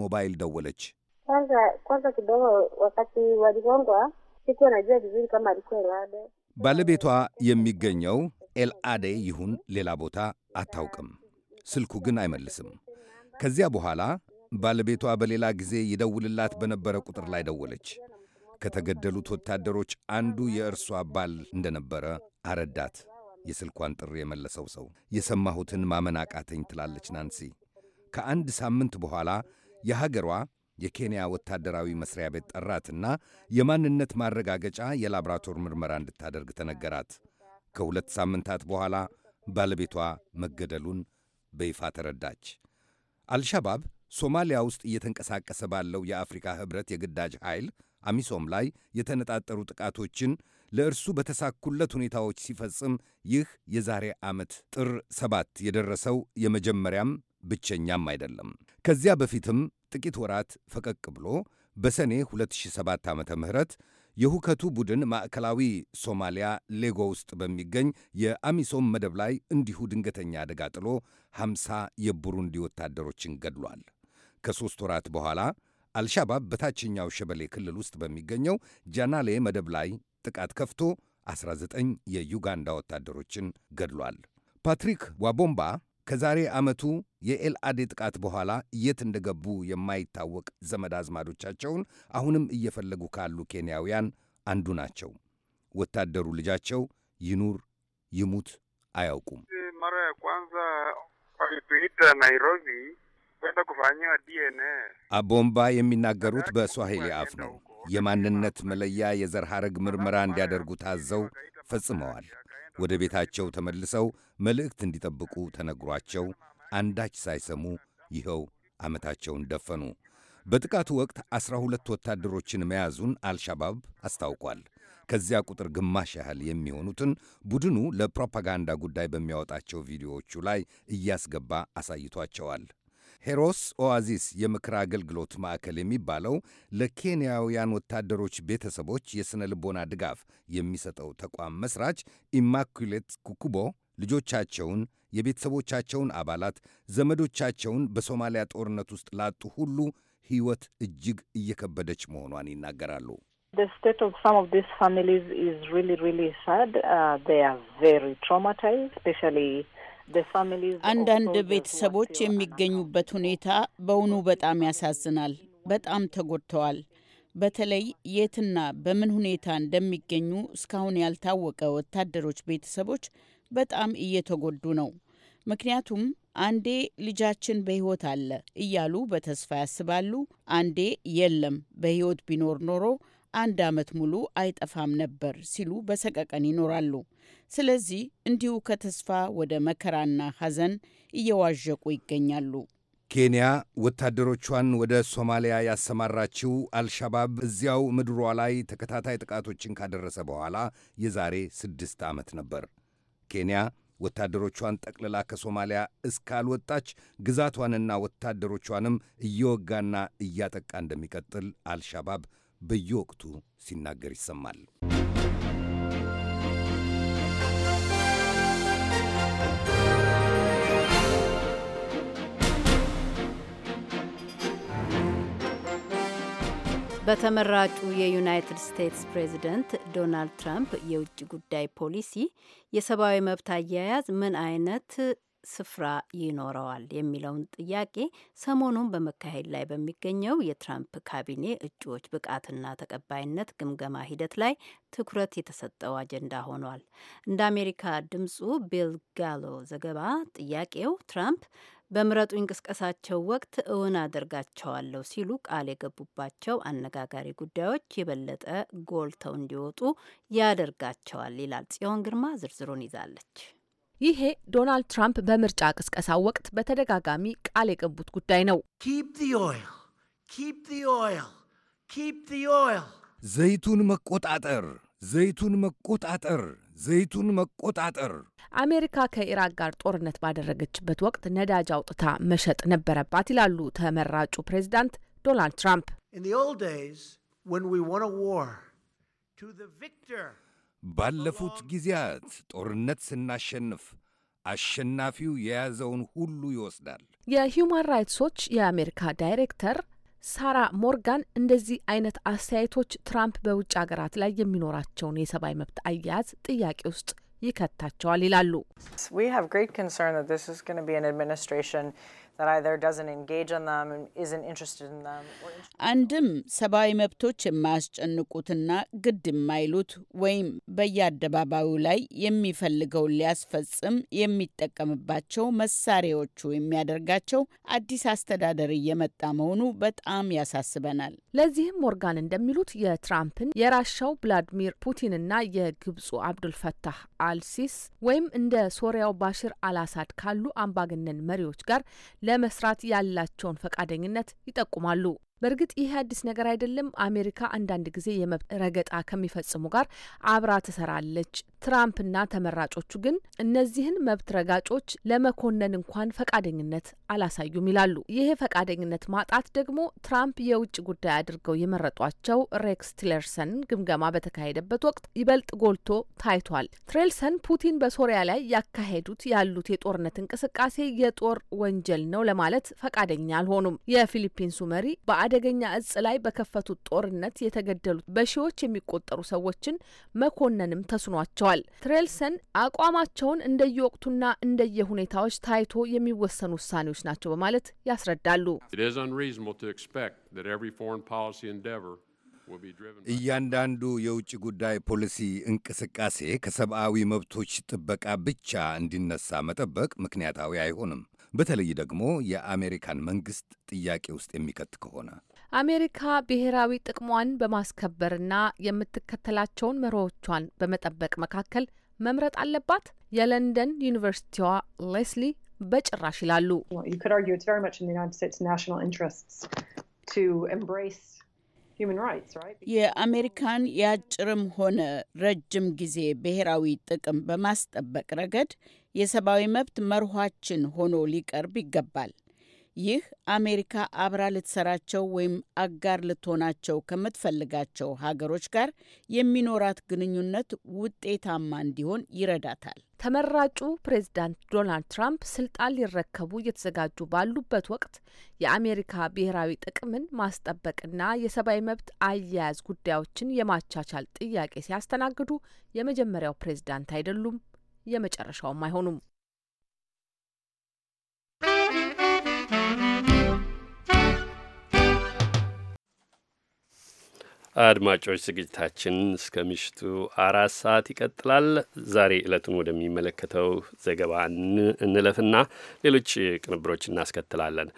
ሞባይል ደወለች።
Kwanza kwanza kidogo, wakati
waligongwa sikuwa najua vizuri kama alikuwa Elade.
ባለቤቷ የሚገኘው ኤልአዴ ይሁን ሌላ ቦታ አታውቅም። ስልኩ ግን አይመልስም። ከዚያ በኋላ ባለቤቷ በሌላ ጊዜ ይደውልላት በነበረ ቁጥር ላይ ደወለች። ከተገደሉት ወታደሮች አንዱ የእርሷ ባል እንደነበረ አረዳት። የስልኳን ጥሪ የመለሰው ሰው የሰማሁትን ማመን አቃተኝ ትላለች ናንሲ። ከአንድ ሳምንት በኋላ የሀገሯ የኬንያ ወታደራዊ መስሪያ ቤት ጠራትና የማንነት ማረጋገጫ የላብራቶር ምርመራ እንድታደርግ ተነገራት። ከሁለት ሳምንታት በኋላ ባለቤቷ መገደሉን በይፋ ተረዳች። አልሻባብ ሶማሊያ ውስጥ እየተንቀሳቀሰ ባለው የአፍሪካ ኅብረት የግዳጅ ኃይል አሚሶም ላይ የተነጣጠሩ ጥቃቶችን ለእርሱ በተሳኩለት ሁኔታዎች ሲፈጽም ይህ የዛሬ ዓመት ጥር ሰባት የደረሰው የመጀመሪያም ብቸኛም አይደለም። ከዚያ በፊትም ጥቂት ወራት ፈቀቅ ብሎ በሰኔ 2007 ዓ. ምህረት የሁከቱ ቡድን ማዕከላዊ ሶማሊያ ሌጎ ውስጥ በሚገኝ የአሚሶም መደብ ላይ እንዲሁ ድንገተኛ አደጋ ጥሎ 50 የቡሩንዲ ወታደሮችን ገድሏል። ከሦስት ወራት በኋላ አልሻባብ በታችኛው ሸበሌ ክልል ውስጥ በሚገኘው ጃናሌ መደብ ላይ ጥቃት ከፍቶ 19 የዩጋንዳ ወታደሮችን ገድሏል። ፓትሪክ ዋቦምባ ከዛሬ ዓመቱ የኤልአዴ ጥቃት በኋላ የት እንደገቡ የማይታወቅ ዘመድ አዝማዶቻቸውን አሁንም እየፈለጉ ካሉ ኬንያውያን አንዱ ናቸው። ወታደሩ ልጃቸው ይኑር ይሙት አያውቁም። አቦምባ የሚናገሩት በስዋሂሊ አፍ ነው። የማንነት መለያ የዘር ሐረግ ምርመራ እንዲያደርጉ ታዘው ፈጽመዋል። ወደ ቤታቸው ተመልሰው መልእክት እንዲጠብቁ ተነግሯቸው አንዳች ሳይሰሙ ይኸው ዓመታቸውን ደፈኑ። በጥቃቱ ወቅት ዐሥራ ሁለት ወታደሮችን መያዙን አልሻባብ አስታውቋል። ከዚያ ቁጥር ግማሽ ያህል የሚሆኑትን ቡድኑ ለፕሮፓጋንዳ ጉዳይ በሚያወጣቸው ቪዲዮዎቹ ላይ እያስገባ አሳይቷቸዋል። ሄሮስ ኦአዚስ የምክር አገልግሎት ማዕከል የሚባለው ለኬንያውያን ወታደሮች ቤተሰቦች የሥነ ልቦና ድጋፍ የሚሰጠው ተቋም መስራች ኢማኩሌት ኩኩቦ ልጆቻቸውን፣ የቤተሰቦቻቸውን አባላት፣ ዘመዶቻቸውን በሶማሊያ ጦርነት ውስጥ ላጡ ሁሉ ሕይወት እጅግ እየከበደች መሆኗን ይናገራሉ።
አንዳንድ
ቤተሰቦች የሚገኙበት ሁኔታ በውኑ በጣም ያሳዝናል። በጣም ተጎድተዋል። በተለይ የትና በምን ሁኔታ እንደሚገኙ እስካሁን ያልታወቀ ወታደሮች ቤተሰቦች በጣም እየተጎዱ ነው። ምክንያቱም አንዴ ልጃችን በሕይወት አለ እያሉ በተስፋ ያስባሉ፣ አንዴ የለም በሕይወት ቢኖር ኖሮ አንድ ዓመት ሙሉ አይጠፋም ነበር ሲሉ በሰቀቀን ይኖራሉ። ስለዚህ እንዲሁ ከተስፋ ወደ መከራና ሐዘን እየዋዠቁ ይገኛሉ።
ኬንያ ወታደሮቿን ወደ ሶማሊያ ያሰማራችው አልሻባብ እዚያው ምድሯ ላይ ተከታታይ ጥቃቶችን ካደረሰ በኋላ የዛሬ ስድስት ዓመት ነበር። ኬንያ ወታደሮቿን ጠቅልላ ከሶማሊያ እስካልወጣች ግዛቷንና ወታደሮቿንም እየወጋና እያጠቃ እንደሚቀጥል አልሻባብ በየወቅቱ ሲናገር ይሰማል።
በተመራጩ የዩናይትድ ስቴትስ ፕሬዝደንት ዶናልድ ትራምፕ የውጭ ጉዳይ ፖሊሲ የሰብአዊ መብት አያያዝ ምን አይነት ስፍራ ይኖረዋል የሚለውን ጥያቄ ሰሞኑን በመካሄድ ላይ በሚገኘው የትራምፕ ካቢኔ እጩዎች ብቃትና ተቀባይነት ግምገማ ሂደት ላይ ትኩረት የተሰጠው አጀንዳ ሆኗል። እንደ አሜሪካ ድምጹ ቢል ጋሎ ዘገባ ጥያቄው ትራምፕ በምረጡ እንቅስቀሳቸው ወቅት እውን አደርጋቸዋለሁ ሲሉ ቃል የገቡባቸው አነጋጋሪ ጉዳዮች የበለጠ ጎልተው እንዲወጡ ያደርጋቸዋል ይላል። ጽዮን ግርማ ዝርዝሩን ይዛለች።
ይሄ ዶናልድ ትራምፕ በምርጫ ቅስቀሳ ወቅት በተደጋጋሚ ቃል የገቡት ጉዳይ ነው።
ዘይቱን መቆጣጠር፣ ዘይቱን መቆጣጠር፣ ዘይቱን መቆጣጠር።
አሜሪካ ከኢራቅ ጋር ጦርነት ባደረገችበት ወቅት ነዳጅ አውጥታ መሸጥ ነበረባት ይላሉ ተመራጩ ፕሬዚዳንት ዶናልድ ትራምፕ።
ባለፉት ጊዜያት ጦርነት ስናሸንፍ አሸናፊው የያዘውን ሁሉ ይወስዳል።
የሂውማን ራይትስ ዎች የአሜሪካ ዳይሬክተር ሳራ ሞርጋን እንደዚህ አይነት አስተያየቶች ትራምፕ በውጭ ሀገራት ላይ የሚኖራቸውን የሰብአዊ መብት አያያዝ ጥያቄ ውስጥ ይከታቸዋል ይላሉ።
አንድም ሰብአዊ መብቶች የማያስጨንቁትና ግድ የማይሉት ወይም በየአደባባዩ ላይ የሚፈልገውን ሊያስፈጽም የሚጠቀምባቸው መሳሪያዎቹ የሚያደርጋቸው አዲስ አስተዳደር እየመጣ መሆኑ በጣም ያሳስበናል። ለዚህም ሞርጋን እንደሚሉት የትራምፕን
የራሻው ቭላዲሚር ፑቲንና የግብፁ አብዱልፈታህ አልሲስ ወይም እንደ ሶሪያው ባሽር አልአሳድ ካሉ አምባገነን መሪዎች ጋር ለመስራት ያላቸውን ፈቃደኝነት ይጠቁማሉ። በእርግጥ ይህ አዲስ ነገር አይደለም። አሜሪካ አንዳንድ ጊዜ የመብት ረገጣ ከሚፈጽሙ ጋር አብራ ትሰራለች። ትራምፕና ተመራጮቹ ግን እነዚህን መብት ረጋጮች ለመኮነን እንኳን ፈቃደኝነት አላሳዩም ይላሉ። ይህ ፈቃደኝነት ማጣት ደግሞ ትራምፕ የውጭ ጉዳይ አድርገው የመረጧቸው ሬክስ ቲለርሰን ግምገማ በተካሄደበት ወቅት ይበልጥ ጎልቶ ታይቷል። ትሬልሰን ፑቲን በሶሪያ ላይ ያካሄዱት ያሉት የጦርነት እንቅስቃሴ የጦር ወንጀል ነው ለማለት ፈቃደኛ አልሆኑም። የፊሊፒንሱ መሪ በአ በአደገኛ እጽ ላይ በከፈቱት ጦርነት የተገደሉት በሺዎች የሚቆጠሩ ሰዎችን መኮነንም ተስኗቸዋል። ትሬልሰን አቋማቸውን እንደየወቅቱና እንደየሁኔታዎች ታይቶ የሚወሰኑ ውሳኔዎች ናቸው በማለት ያስረዳሉ።
እያንዳንዱ የውጭ ጉዳይ ፖሊሲ እንቅስቃሴ ከሰብአዊ መብቶች ጥበቃ ብቻ እንዲነሳ መጠበቅ ምክንያታዊ አይሆንም። በተለይ ደግሞ የአሜሪካን መንግስት ጥያቄ ውስጥ የሚከት ከሆነ
አሜሪካ ብሔራዊ ጥቅሟን በማስከበርና የምትከተላቸውን መርሆቿን በመጠበቅ መካከል መምረጥ አለባት። የለንደን ዩኒቨርሲቲዋ ሌስሊ በጭራሽ ይላሉ።
የአሜሪካን የአጭርም ሆነ ረጅም ጊዜ ብሔራዊ ጥቅም በማስጠበቅ ረገድ የሰብአዊ መብት መርኋችን ሆኖ ሊቀርብ ይገባል። ይህ አሜሪካ አብራ ልትሰራቸው ወይም አጋር ልትሆናቸው ከምትፈልጋቸው ሀገሮች ጋር የሚኖራት ግንኙነት ውጤታማ እንዲሆን ይረዳታል። ተመራጩ ፕሬዝዳንት ዶናልድ ትራምፕ ስልጣን ሊረከቡ እየተዘጋጁ ባሉበት ወቅት
የአሜሪካ ብሔራዊ ጥቅምን ማስጠበቅና የሰብአዊ መብት አያያዝ ጉዳዮችን የማቻቻል ጥያቄ ሲያስተናግዱ የመጀመሪያው ፕሬዝዳንት አይደሉም፣ የመጨረሻውም አይሆኑም።
አድማጮች ዝግጅታችን እስከ ምሽቱ አራት ሰዓት ይቀጥላል። ዛሬ ዕለቱን ወደሚመለከተው ዘገባ እንለፍና ሌሎች ቅንብሮች እናስከትላለን።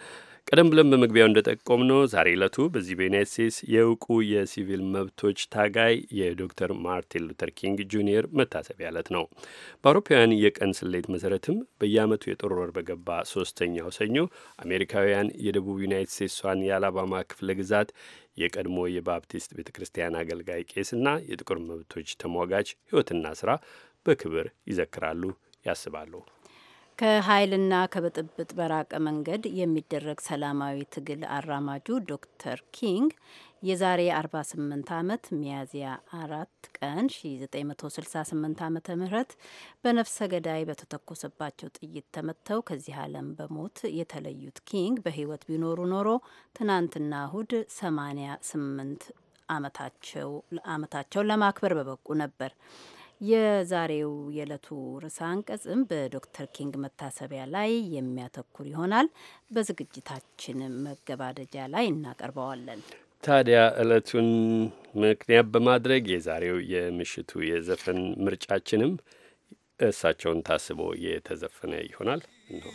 ቀደም ብለን በመግቢያው እንደጠቆም ነው ዛሬ ዕለቱ በዚህ በዩናይት ስቴትስ የእውቁ የሲቪል መብቶች ታጋይ የዶክተር ማርቲን ሉተር ኪንግ ጁኒየር መታሰቢያ ዕለት ነው። በአውሮፓውያን የቀን ስሌት መሰረትም በየአመቱ የጥር ወር በገባ ሶስተኛው ሰኞ አሜሪካውያን የደቡብ ዩናይት ስቴትሷን የአላባማ ክፍለ ግዛት የቀድሞ የባፕቲስት ቤተ ክርስቲያን አገልጋይ ቄስና የጥቁር መብቶች ተሟጋች ሕይወትና ስራ በክብር ይዘክራሉ፣ ያስባሉ።
ከኃይልና ከብጥብጥ በራቀ መንገድ የሚደረግ ሰላማዊ ትግል አራማጁ ዶክተር ኪንግ የዛሬ 48 ዓመት ሚያዝያ አራት ቀን 1968 ዓ ም በነፍሰ ገዳይ በተተኮሰባቸው ጥይት ተመተው ከዚህ ዓለም በሞት የተለዩት ኪንግ በሕይወት ቢኖሩ ኖሮ ትናንትና እሁድ 88 ዓመታቸውን ለማክበር በበቁ ነበር። የዛሬው የዕለቱ ርዕሰ አንቀጽም በዶክተር ኪንግ መታሰቢያ ላይ የሚያተኩር ይሆናል። በዝግጅታችን መገባደጃ ላይ እናቀርበዋለን።
ታዲያ ዕለቱን ምክንያት በማድረግ የዛሬው የምሽቱ የዘፈን ምርጫችንም እሳቸውን ታስቦ የተዘፈነ ይሆናል ነው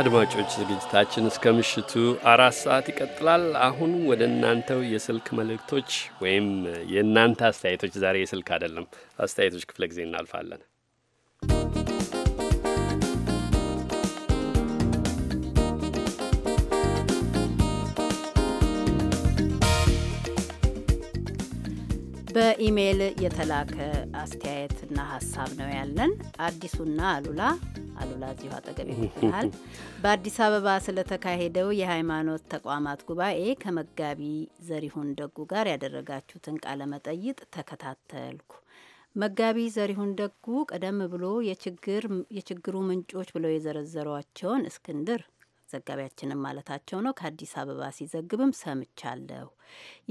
አድማጮች ዝግጅታችን እስከ ምሽቱ አራት ሰዓት ይቀጥላል። አሁን ወደ እናንተው የስልክ መልእክቶች ወይም የእናንተ አስተያየቶች፣ ዛሬ የስልክ አይደለም አስተያየቶች ክፍለ ጊዜ እናልፋለን።
በኢሜይል የተላከ አስተያየትና ሀሳብ ነው ያለን። አዲሱና አሉላ አሉላ እዚሁ አጠገብ ይሆናል። በአዲስ አበባ ስለተካሄደው የሃይማኖት ተቋማት ጉባኤ ከመጋቢ ዘሪሁን ደጉ ጋር ያደረጋችሁትን ቃለ መጠይቅ ተከታተልኩ። መጋቢ ዘሪሁን ደጉ ቀደም ብሎ የችግሩ ምንጮች ብለው የዘረዘሯቸውን እስክንድር ዘጋቢያችንም ማለታቸው ነው። ከአዲስ አበባ ሲዘግብም ሰምቻለሁ።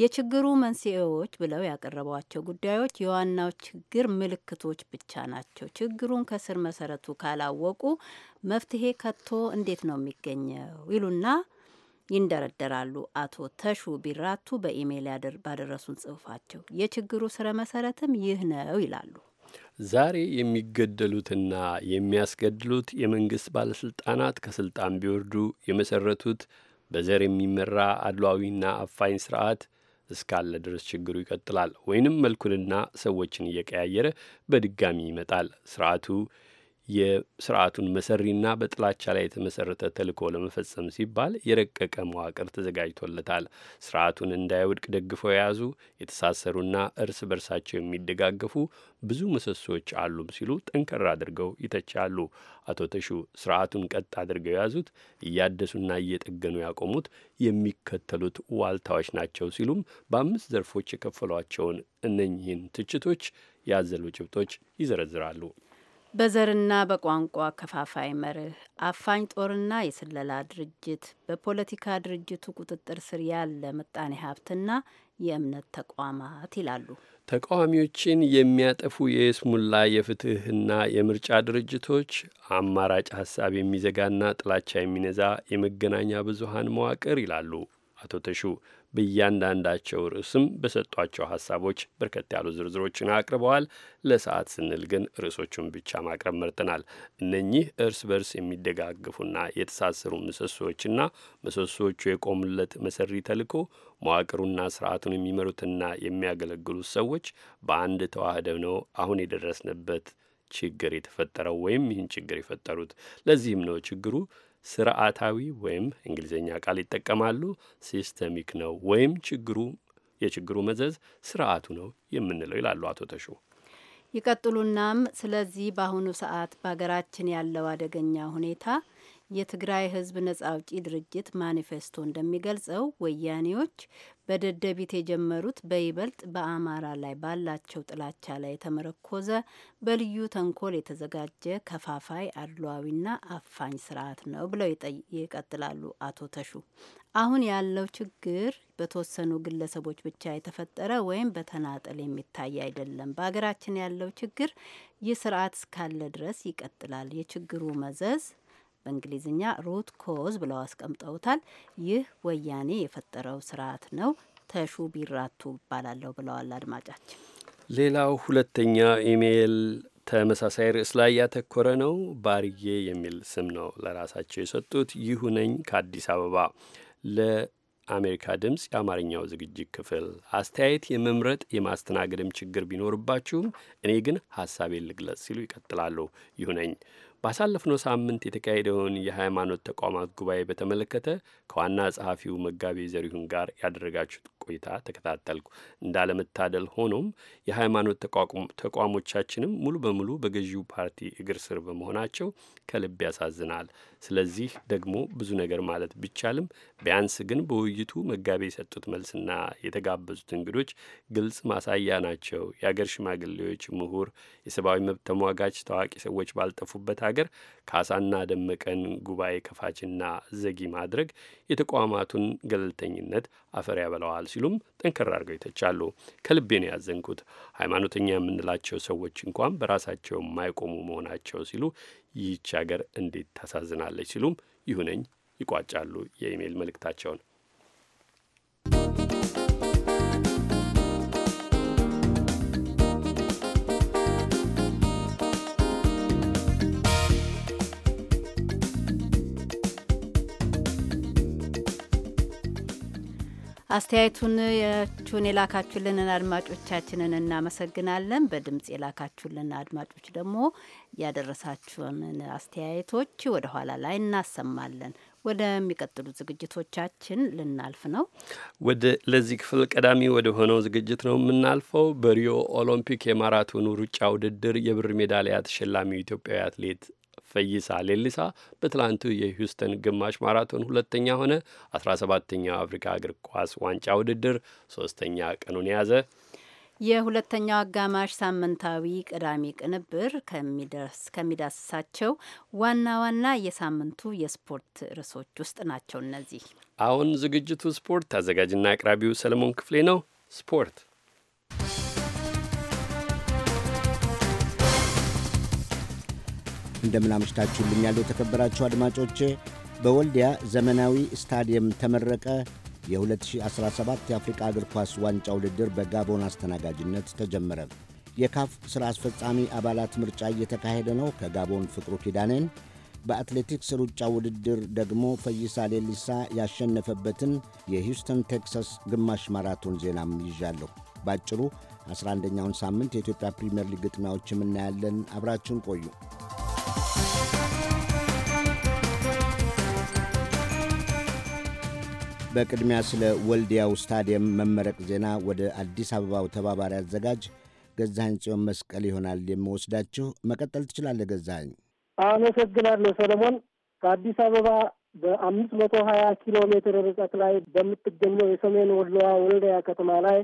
የችግሩ መንስኤዎች ብለው ያቀረቧቸው ጉዳዮች የዋናው ችግር ምልክቶች ብቻ ናቸው። ችግሩን ከስር መሰረቱ ካላወቁ መፍትሄ ከቶ እንዴት ነው የሚገኘው? ይሉና ይንደረደራሉ። አቶ ተሹ ቢራቱ በኢሜይል ባደረሱን ጽሁፋቸው የችግሩ ስረ መሰረትም ይህ ነው ይላሉ።
ዛሬ የሚገደሉትና የሚያስገድሉት የመንግሥት ባለሥልጣናት ከሥልጣን ቢወርዱ የመሠረቱት በዘር የሚመራ አድሏዊና አፋኝ ስርዓት እስካለ ድረስ ችግሩ ይቀጥላል፣ ወይንም መልኩንና ሰዎችን እየቀያየረ በድጋሚ ይመጣል ስርዓቱ የስርዓቱን መሰሪና በጥላቻ ላይ የተመሰረተ ተልዕኮ ለመፈጸም ሲባል የረቀቀ መዋቅር ተዘጋጅቶለታል። ስርዓቱን እንዳይወድቅ ደግፈው የያዙ የተሳሰሩና እርስ በርሳቸው የሚደጋገፉ ብዙ ምሰሶዎች አሉም ሲሉ ጠንከር አድርገው ይተቻሉ። አቶ ተሹ ስርዓቱን ቀጥ አድርገው የያዙት እያደሱና እየጠገኑ ያቆሙት የሚከተሉት ዋልታዎች ናቸው ሲሉም በአምስት ዘርፎች የከፈሏቸውን እነኚህን ትችቶች ያዘሉ ጭብጦች ይዘረዝራሉ።
በዘርና በቋንቋ ከፋፋይ መርህ አፋኝ ጦርና የስለላ ድርጅት በፖለቲካ ድርጅቱ ቁጥጥር ስር ያለ ምጣኔ ሀብትና የእምነት ተቋማት ይላሉ።
ተቃዋሚዎችን የሚያጠፉ የስሙላ የፍትህና የምርጫ ድርጅቶች አማራጭ ሀሳብ የሚዘጋና ጥላቻ የሚነዛ የመገናኛ ብዙሀን መዋቅር ይላሉ አቶ ተሹ። በእያንዳንዳቸው ርዕስም በሰጧቸው ሀሳቦች በርከት ያሉ ዝርዝሮችን አቅርበዋል። ለሰዓት ስንል ግን ርዕሶቹን ብቻ ማቅረብ መርጠናል። እነኚህ እርስ በርስ የሚደጋግፉና የተሳሰሩ ምሰሶዎችና ምሰሶዎቹ የቆሙለት መሰሪ ተልኮ መዋቅሩና ስርዓቱን የሚመሩትና የሚያገለግሉት ሰዎች በአንድ ተዋህደው ነው አሁን የደረስንበት ችግር የተፈጠረው ወይም ይህን ችግር የፈጠሩት። ለዚህም ነው ችግሩ ስርዓታዊ ወይም እንግሊዝኛ ቃል ይጠቀማሉ። ሲስተሚክ ነው ወይም ችግሩ የችግሩ መዘዝ ስርዓቱ ነው የምንለው ይላሉ አቶ ተሹ።
ይቀጥሉናም ስለዚህ በአሁኑ ሰዓት በሀገራችን ያለው አደገኛ ሁኔታ የትግራይ ህዝብ ነጻ አውጪ ድርጅት ማኒፌስቶ እንደሚገልጸው ወያኔዎች በደደቢት የጀመሩት በይበልጥ በአማራ ላይ ባላቸው ጥላቻ ላይ የተመረኮዘ በልዩ ተንኮል የተዘጋጀ ከፋፋይ አድሏዊና አፋኝ ስርዓት ነው ብለው ይቀጥላሉ አቶ ተሹ። አሁን ያለው ችግር በተወሰኑ ግለሰቦች ብቻ የተፈጠረ ወይም በተናጠል የሚታይ አይደለም። በሀገራችን ያለው ችግር ይህ ስርዓት እስካለ ድረስ ይቀጥላል። የችግሩ መዘዝ በእንግሊዝኛ ሩት ኮዝ ብለው አስቀምጠውታል። ይህ ወያኔ የፈጠረው ስርዓት ነው። ተሹ ቢራቱ ይባላለሁ ብለዋል አድማጫችን።
ሌላው ሁለተኛ ኢሜይል ተመሳሳይ ርዕስ ላይ ያተኮረ ነው። ባርዬ የሚል ስም ነው ለራሳቸው የሰጡት። ይሁነኝ ከአዲስ አበባ ለአሜሪካ ድምፅ የአማርኛው ዝግጅት ክፍል አስተያየት የመምረጥ የማስተናገድም ችግር ቢኖርባችሁም እኔ ግን ሀሳቤን ልግለጽ ሲሉ ይቀጥላሉ። ይሁነኝ ባሳለፍነው ሳምንት የተካሄደውን የሃይማኖት ተቋማት ጉባኤ በተመለከተ ከዋና ጸሐፊው መጋቤ ዘሪሁን ጋር ያደረጋችሁት ቆይታ ተከታተልኩ። እንዳለመታደል ሆኖም የሃይማኖት ተቋሞቻችንም ሙሉ በሙሉ በገዢው ፓርቲ እግር ስር በመሆናቸው ከልብ ያሳዝናል። ስለዚህ ደግሞ ብዙ ነገር ማለት ቢቻልም ቢያንስ ግን በውይይቱ መጋቤ የሰጡት መልስና የተጋበዙት እንግዶች ግልጽ ማሳያ ናቸው። የአገር ሽማግሌዎች፣ ምሁር፣ የሰብአዊ መብት ተሟጋች ታዋቂ ሰዎች ባልጠፉበት አገር ካሳና ደመቀን ጉባኤ ከፋችና ዘጊ ማድረግ የተቋማቱን ገለልተኝነት አፈር ያበላዋል ሲሉም ጠንከር አድርገው ይተቻሉ። ከልቤ ነው ያዘንኩት። ሃይማኖተኛ የምንላቸው ሰዎች እንኳን በራሳቸው የማይቆሙ መሆናቸው ሲሉ ይህች ሀገር እንዴት ታሳዝናለች ሲሉም ይሁነኝ ይቋጫሉ የኢሜይል መልእክታቸውን።
አስተያየቱን የላካችሁልንን አድማጮቻችንን እናመሰግናለን። በድምፅ የላካችሁልን አድማጮች ደግሞ ያደረሳችሁንን አስተያየቶች ወደ ኋላ ላይ እናሰማለን። ወደሚቀጥሉ ዝግጅቶቻችን ልናልፍ ነው።
ወደ ለዚህ ክፍል ቀዳሚ ወደ ሆነው ዝግጅት ነው የምናልፈው። በሪዮ ኦሎምፒክ የማራቶኑ ሩጫ ውድድር የብር ሜዳሊያ ተሸላሚው ኢትዮጵያዊ አትሌት ፈይሳ ሌሊሳ በትላንቱ የሂውስተን ግማሽ ማራቶን ሁለተኛ ሆነ። 17ኛው አፍሪካ እግር ኳስ ዋንጫ ውድድር ሶስተኛ ቀኑን የያዘ
የሁለተኛው አጋማሽ ሳምንታዊ ቅዳሜ ቅንብር ከሚደርስ ከሚዳስሳቸው ዋና ዋና የሳምንቱ የስፖርት ርዕሶች ውስጥ ናቸው እነዚህ።
አሁን ዝግጅቱ ስፖርት፣ አዘጋጅና አቅራቢው ሰለሞን ክፍሌ ነው። ስፖርት
እንደምናምሽታችሁልኛል የተከበራችሁ አድማጮቼ። በወልዲያ ዘመናዊ ስታዲየም ተመረቀ። የ2017 የአፍሪቃ እግር ኳስ ዋንጫ ውድድር በጋቦን አስተናጋጅነት ተጀመረ። የካፍ ሥራ አስፈጻሚ አባላት ምርጫ እየተካሄደ ነው። ከጋቦን ፍቅሩ ኪዳኔን፣ በአትሌቲክስ ሩጫ ውድድር ደግሞ ፈይሳ ሌሊሳ ያሸነፈበትን የሂውስተን ቴክሳስ ግማሽ ማራቶን ዜናም ይዣለሁ። ባጭሩ 11ኛውን ሳምንት የኢትዮጵያ ፕሪምየር ሊግ ግጥሚያዎች የምናያለን። አብራችሁን ቆዩ። በቅድሚያ ስለ ወልዲያው ስታዲየም መመረቅ ዜና ወደ አዲስ አበባው ተባባሪ አዘጋጅ ገዛኸኝ ጽዮን መስቀል ይሆናል የምወስዳችሁ። መቀጠል ትችላለህ ገዛኸኝ።
አመሰግናለሁ ሰለሞን። ከአዲስ አበባ በአምስት መቶ ሀያ ኪሎ ሜትር ርቀት ላይ በምትገኘው የሰሜን ወሎዋ ወልዲያ ከተማ ላይ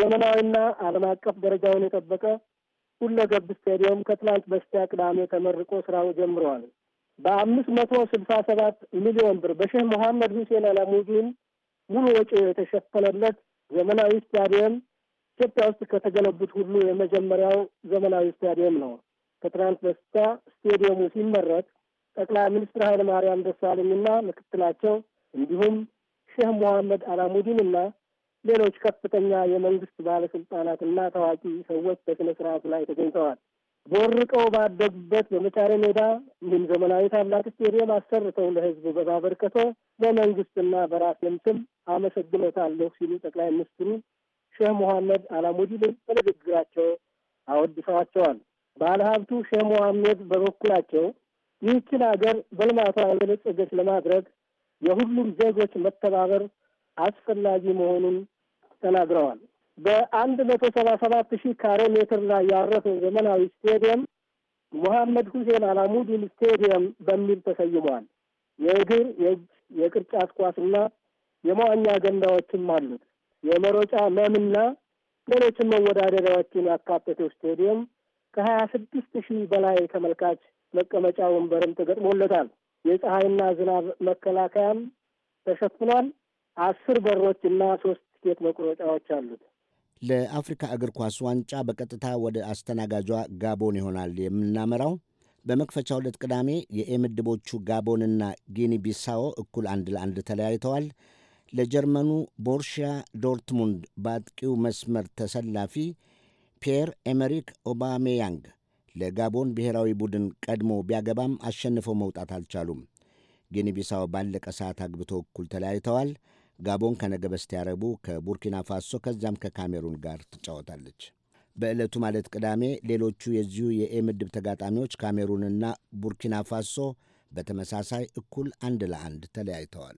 ዘመናዊና ዓለም አቀፍ ደረጃውን የጠበቀ ሁለገብ ስቴዲየም ከትላንት በስቲያ ቅዳሜ ተመርቆ ስራው ጀምረዋል። በአምስት መቶ ስልሳ ሰባት ሚሊዮን ብር በሼህ መሐመድ ሁሴን አላሙዲን ሙሉ ወጪ የተሸፈነለት ዘመናዊ ስታዲየም ኢትዮጵያ ውስጥ ከተገነቡት ሁሉ የመጀመሪያው ዘመናዊ ስታዲየም ነው። ከትናንት በስቲያ ስቴዲየሙ ሲመረቅ ጠቅላይ ሚኒስትር ኃይለ ማርያም ደሳለኝና ምክትላቸው እንዲሁም ሼህ መሐመድ ና ሌሎች ከፍተኛ የመንግስት ባለስልጣናትና ታዋቂ ሰዎች በስነ ስርዓቱ ላይ ተገኝተዋል። ቦርቀው ባደጉበት በመቻሬ ሜዳ እንዲሁም ዘመናዊ ታላቅ ስቴዲየም አሰርተው ለህዝቡ በማበርከቶ በመንግስትና በራሴም ስም አመሰግኖታለሁ ሲሉ ጠቅላይ ሚኒስትሩ ሼህ መሐመድ አላሙዲን በንግግራቸው አወድሰዋቸዋል። ባለሀብቱ ሼህ መሐመድ በበኩላቸው ይህችን ሀገር በልማቷ የበለጸገች ለማድረግ የሁሉም ዜጎች መተባበር አስፈላጊ መሆኑን ተናግረዋል። በአንድ መቶ ሰባ ሰባት ሺህ ካሬ ሜትር ላይ ያረፈው ዘመናዊ ስቴዲየም ሙሐመድ ሁሴን አላሙዲን ስቴዲየም በሚል ተሰይሟል። የእግር፣ የእጅ፣ የቅርጫት ኳስና የመዋኛ ገንዳዎችም አሉት። የመሮጫ መምና ሌሎችን መወዳደሪያዎችን ያካተተው ስቴዲየም ከሀያ ስድስት ሺህ በላይ ተመልካች መቀመጫ ወንበርም ተገጥሞለታል። የፀሐይና ዝናብ መከላከያም ተሸፍኗል። አስር በሮች እና ሶስት ትኬት መቁረጫዎች አሉት።
ለአፍሪካ እግር ኳስ ዋንጫ በቀጥታ ወደ አስተናጋጇ ጋቦን ይሆናል የምናመራው። በመክፈቻ ሁለት ቅዳሜ የኤምድቦቹ ጋቦንና ጊኒ ቢሳዎ እኩል አንድ ለአንድ ተለያይተዋል። ለጀርመኑ ቦርሺያ ዶርትሙንድ በአጥቂው መስመር ተሰላፊ ፒየር ኤመሪክ ኦባሜያንግ ለጋቦን ብሔራዊ ቡድን ቀድሞ ቢያገባም አሸንፈው መውጣት አልቻሉም። ጊኒ ቢሳዎ ባለቀ ሰዓት አግብቶ እኩል ተለያይተዋል። ጋቦን ከነገ በስቲያ ረቡዕ ከቡርኪና ፋሶ ከዚያም ከካሜሩን ጋር ትጫወታለች። በዕለቱ ማለት ቅዳሜ ሌሎቹ የዚሁ የኤ ምድብ ተጋጣሚዎች ካሜሩንና ቡርኪና ፋሶ በተመሳሳይ እኩል አንድ ለአንድ ተለያይተዋል።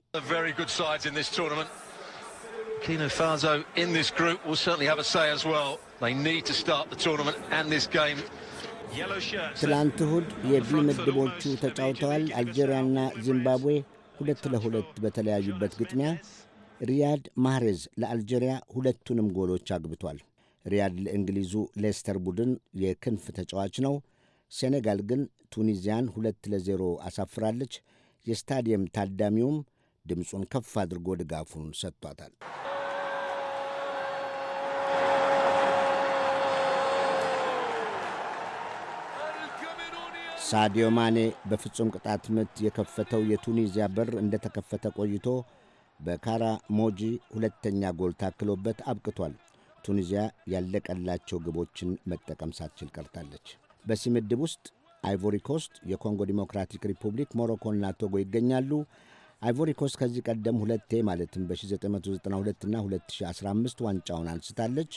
ትላንት እሁድ የቢ ምድቦቹ ተጫውተዋል። አልጄሪያና ዚምባብዌ ሁለት ለሁለት በተለያዩበት ግጥሚያ ሪያድ ማህሬዝ ለአልጄሪያ ሁለቱንም ጎሎች አግብቷል። ሪያድ ለእንግሊዙ ሌስተር ቡድን የክንፍ ተጫዋች ነው። ሴኔጋል ግን ቱኒዚያን ሁለት ለዜሮ አሳፍራለች። የስታዲየም ታዳሚውም ድምፁን ከፍ አድርጎ ድጋፉን ሰጥቷታል። ሳዲዮ ማኔ በፍጹም ቅጣት ምት የከፈተው የቱኒዚያ በር እንደተከፈተ ቆይቶ በካራ ሞጂ ሁለተኛ ጎል ታክሎበት አብቅቷል። ቱኒዚያ ያለቀላቸው ግቦችን መጠቀም ሳትችል ቀርታለች። በሲ ምድብ ውስጥ አይቮሪኮስት፣ ኮስት፣ የኮንጎ ዲሞክራቲክ ሪፑብሊክ፣ ሞሮኮና ቶጎ ይገኛሉ። አይቮሪ ኮስት ከዚህ ቀደም ሁለቴ ማለትም በ1992 እና 2015 ዋንጫውን አንስታለች።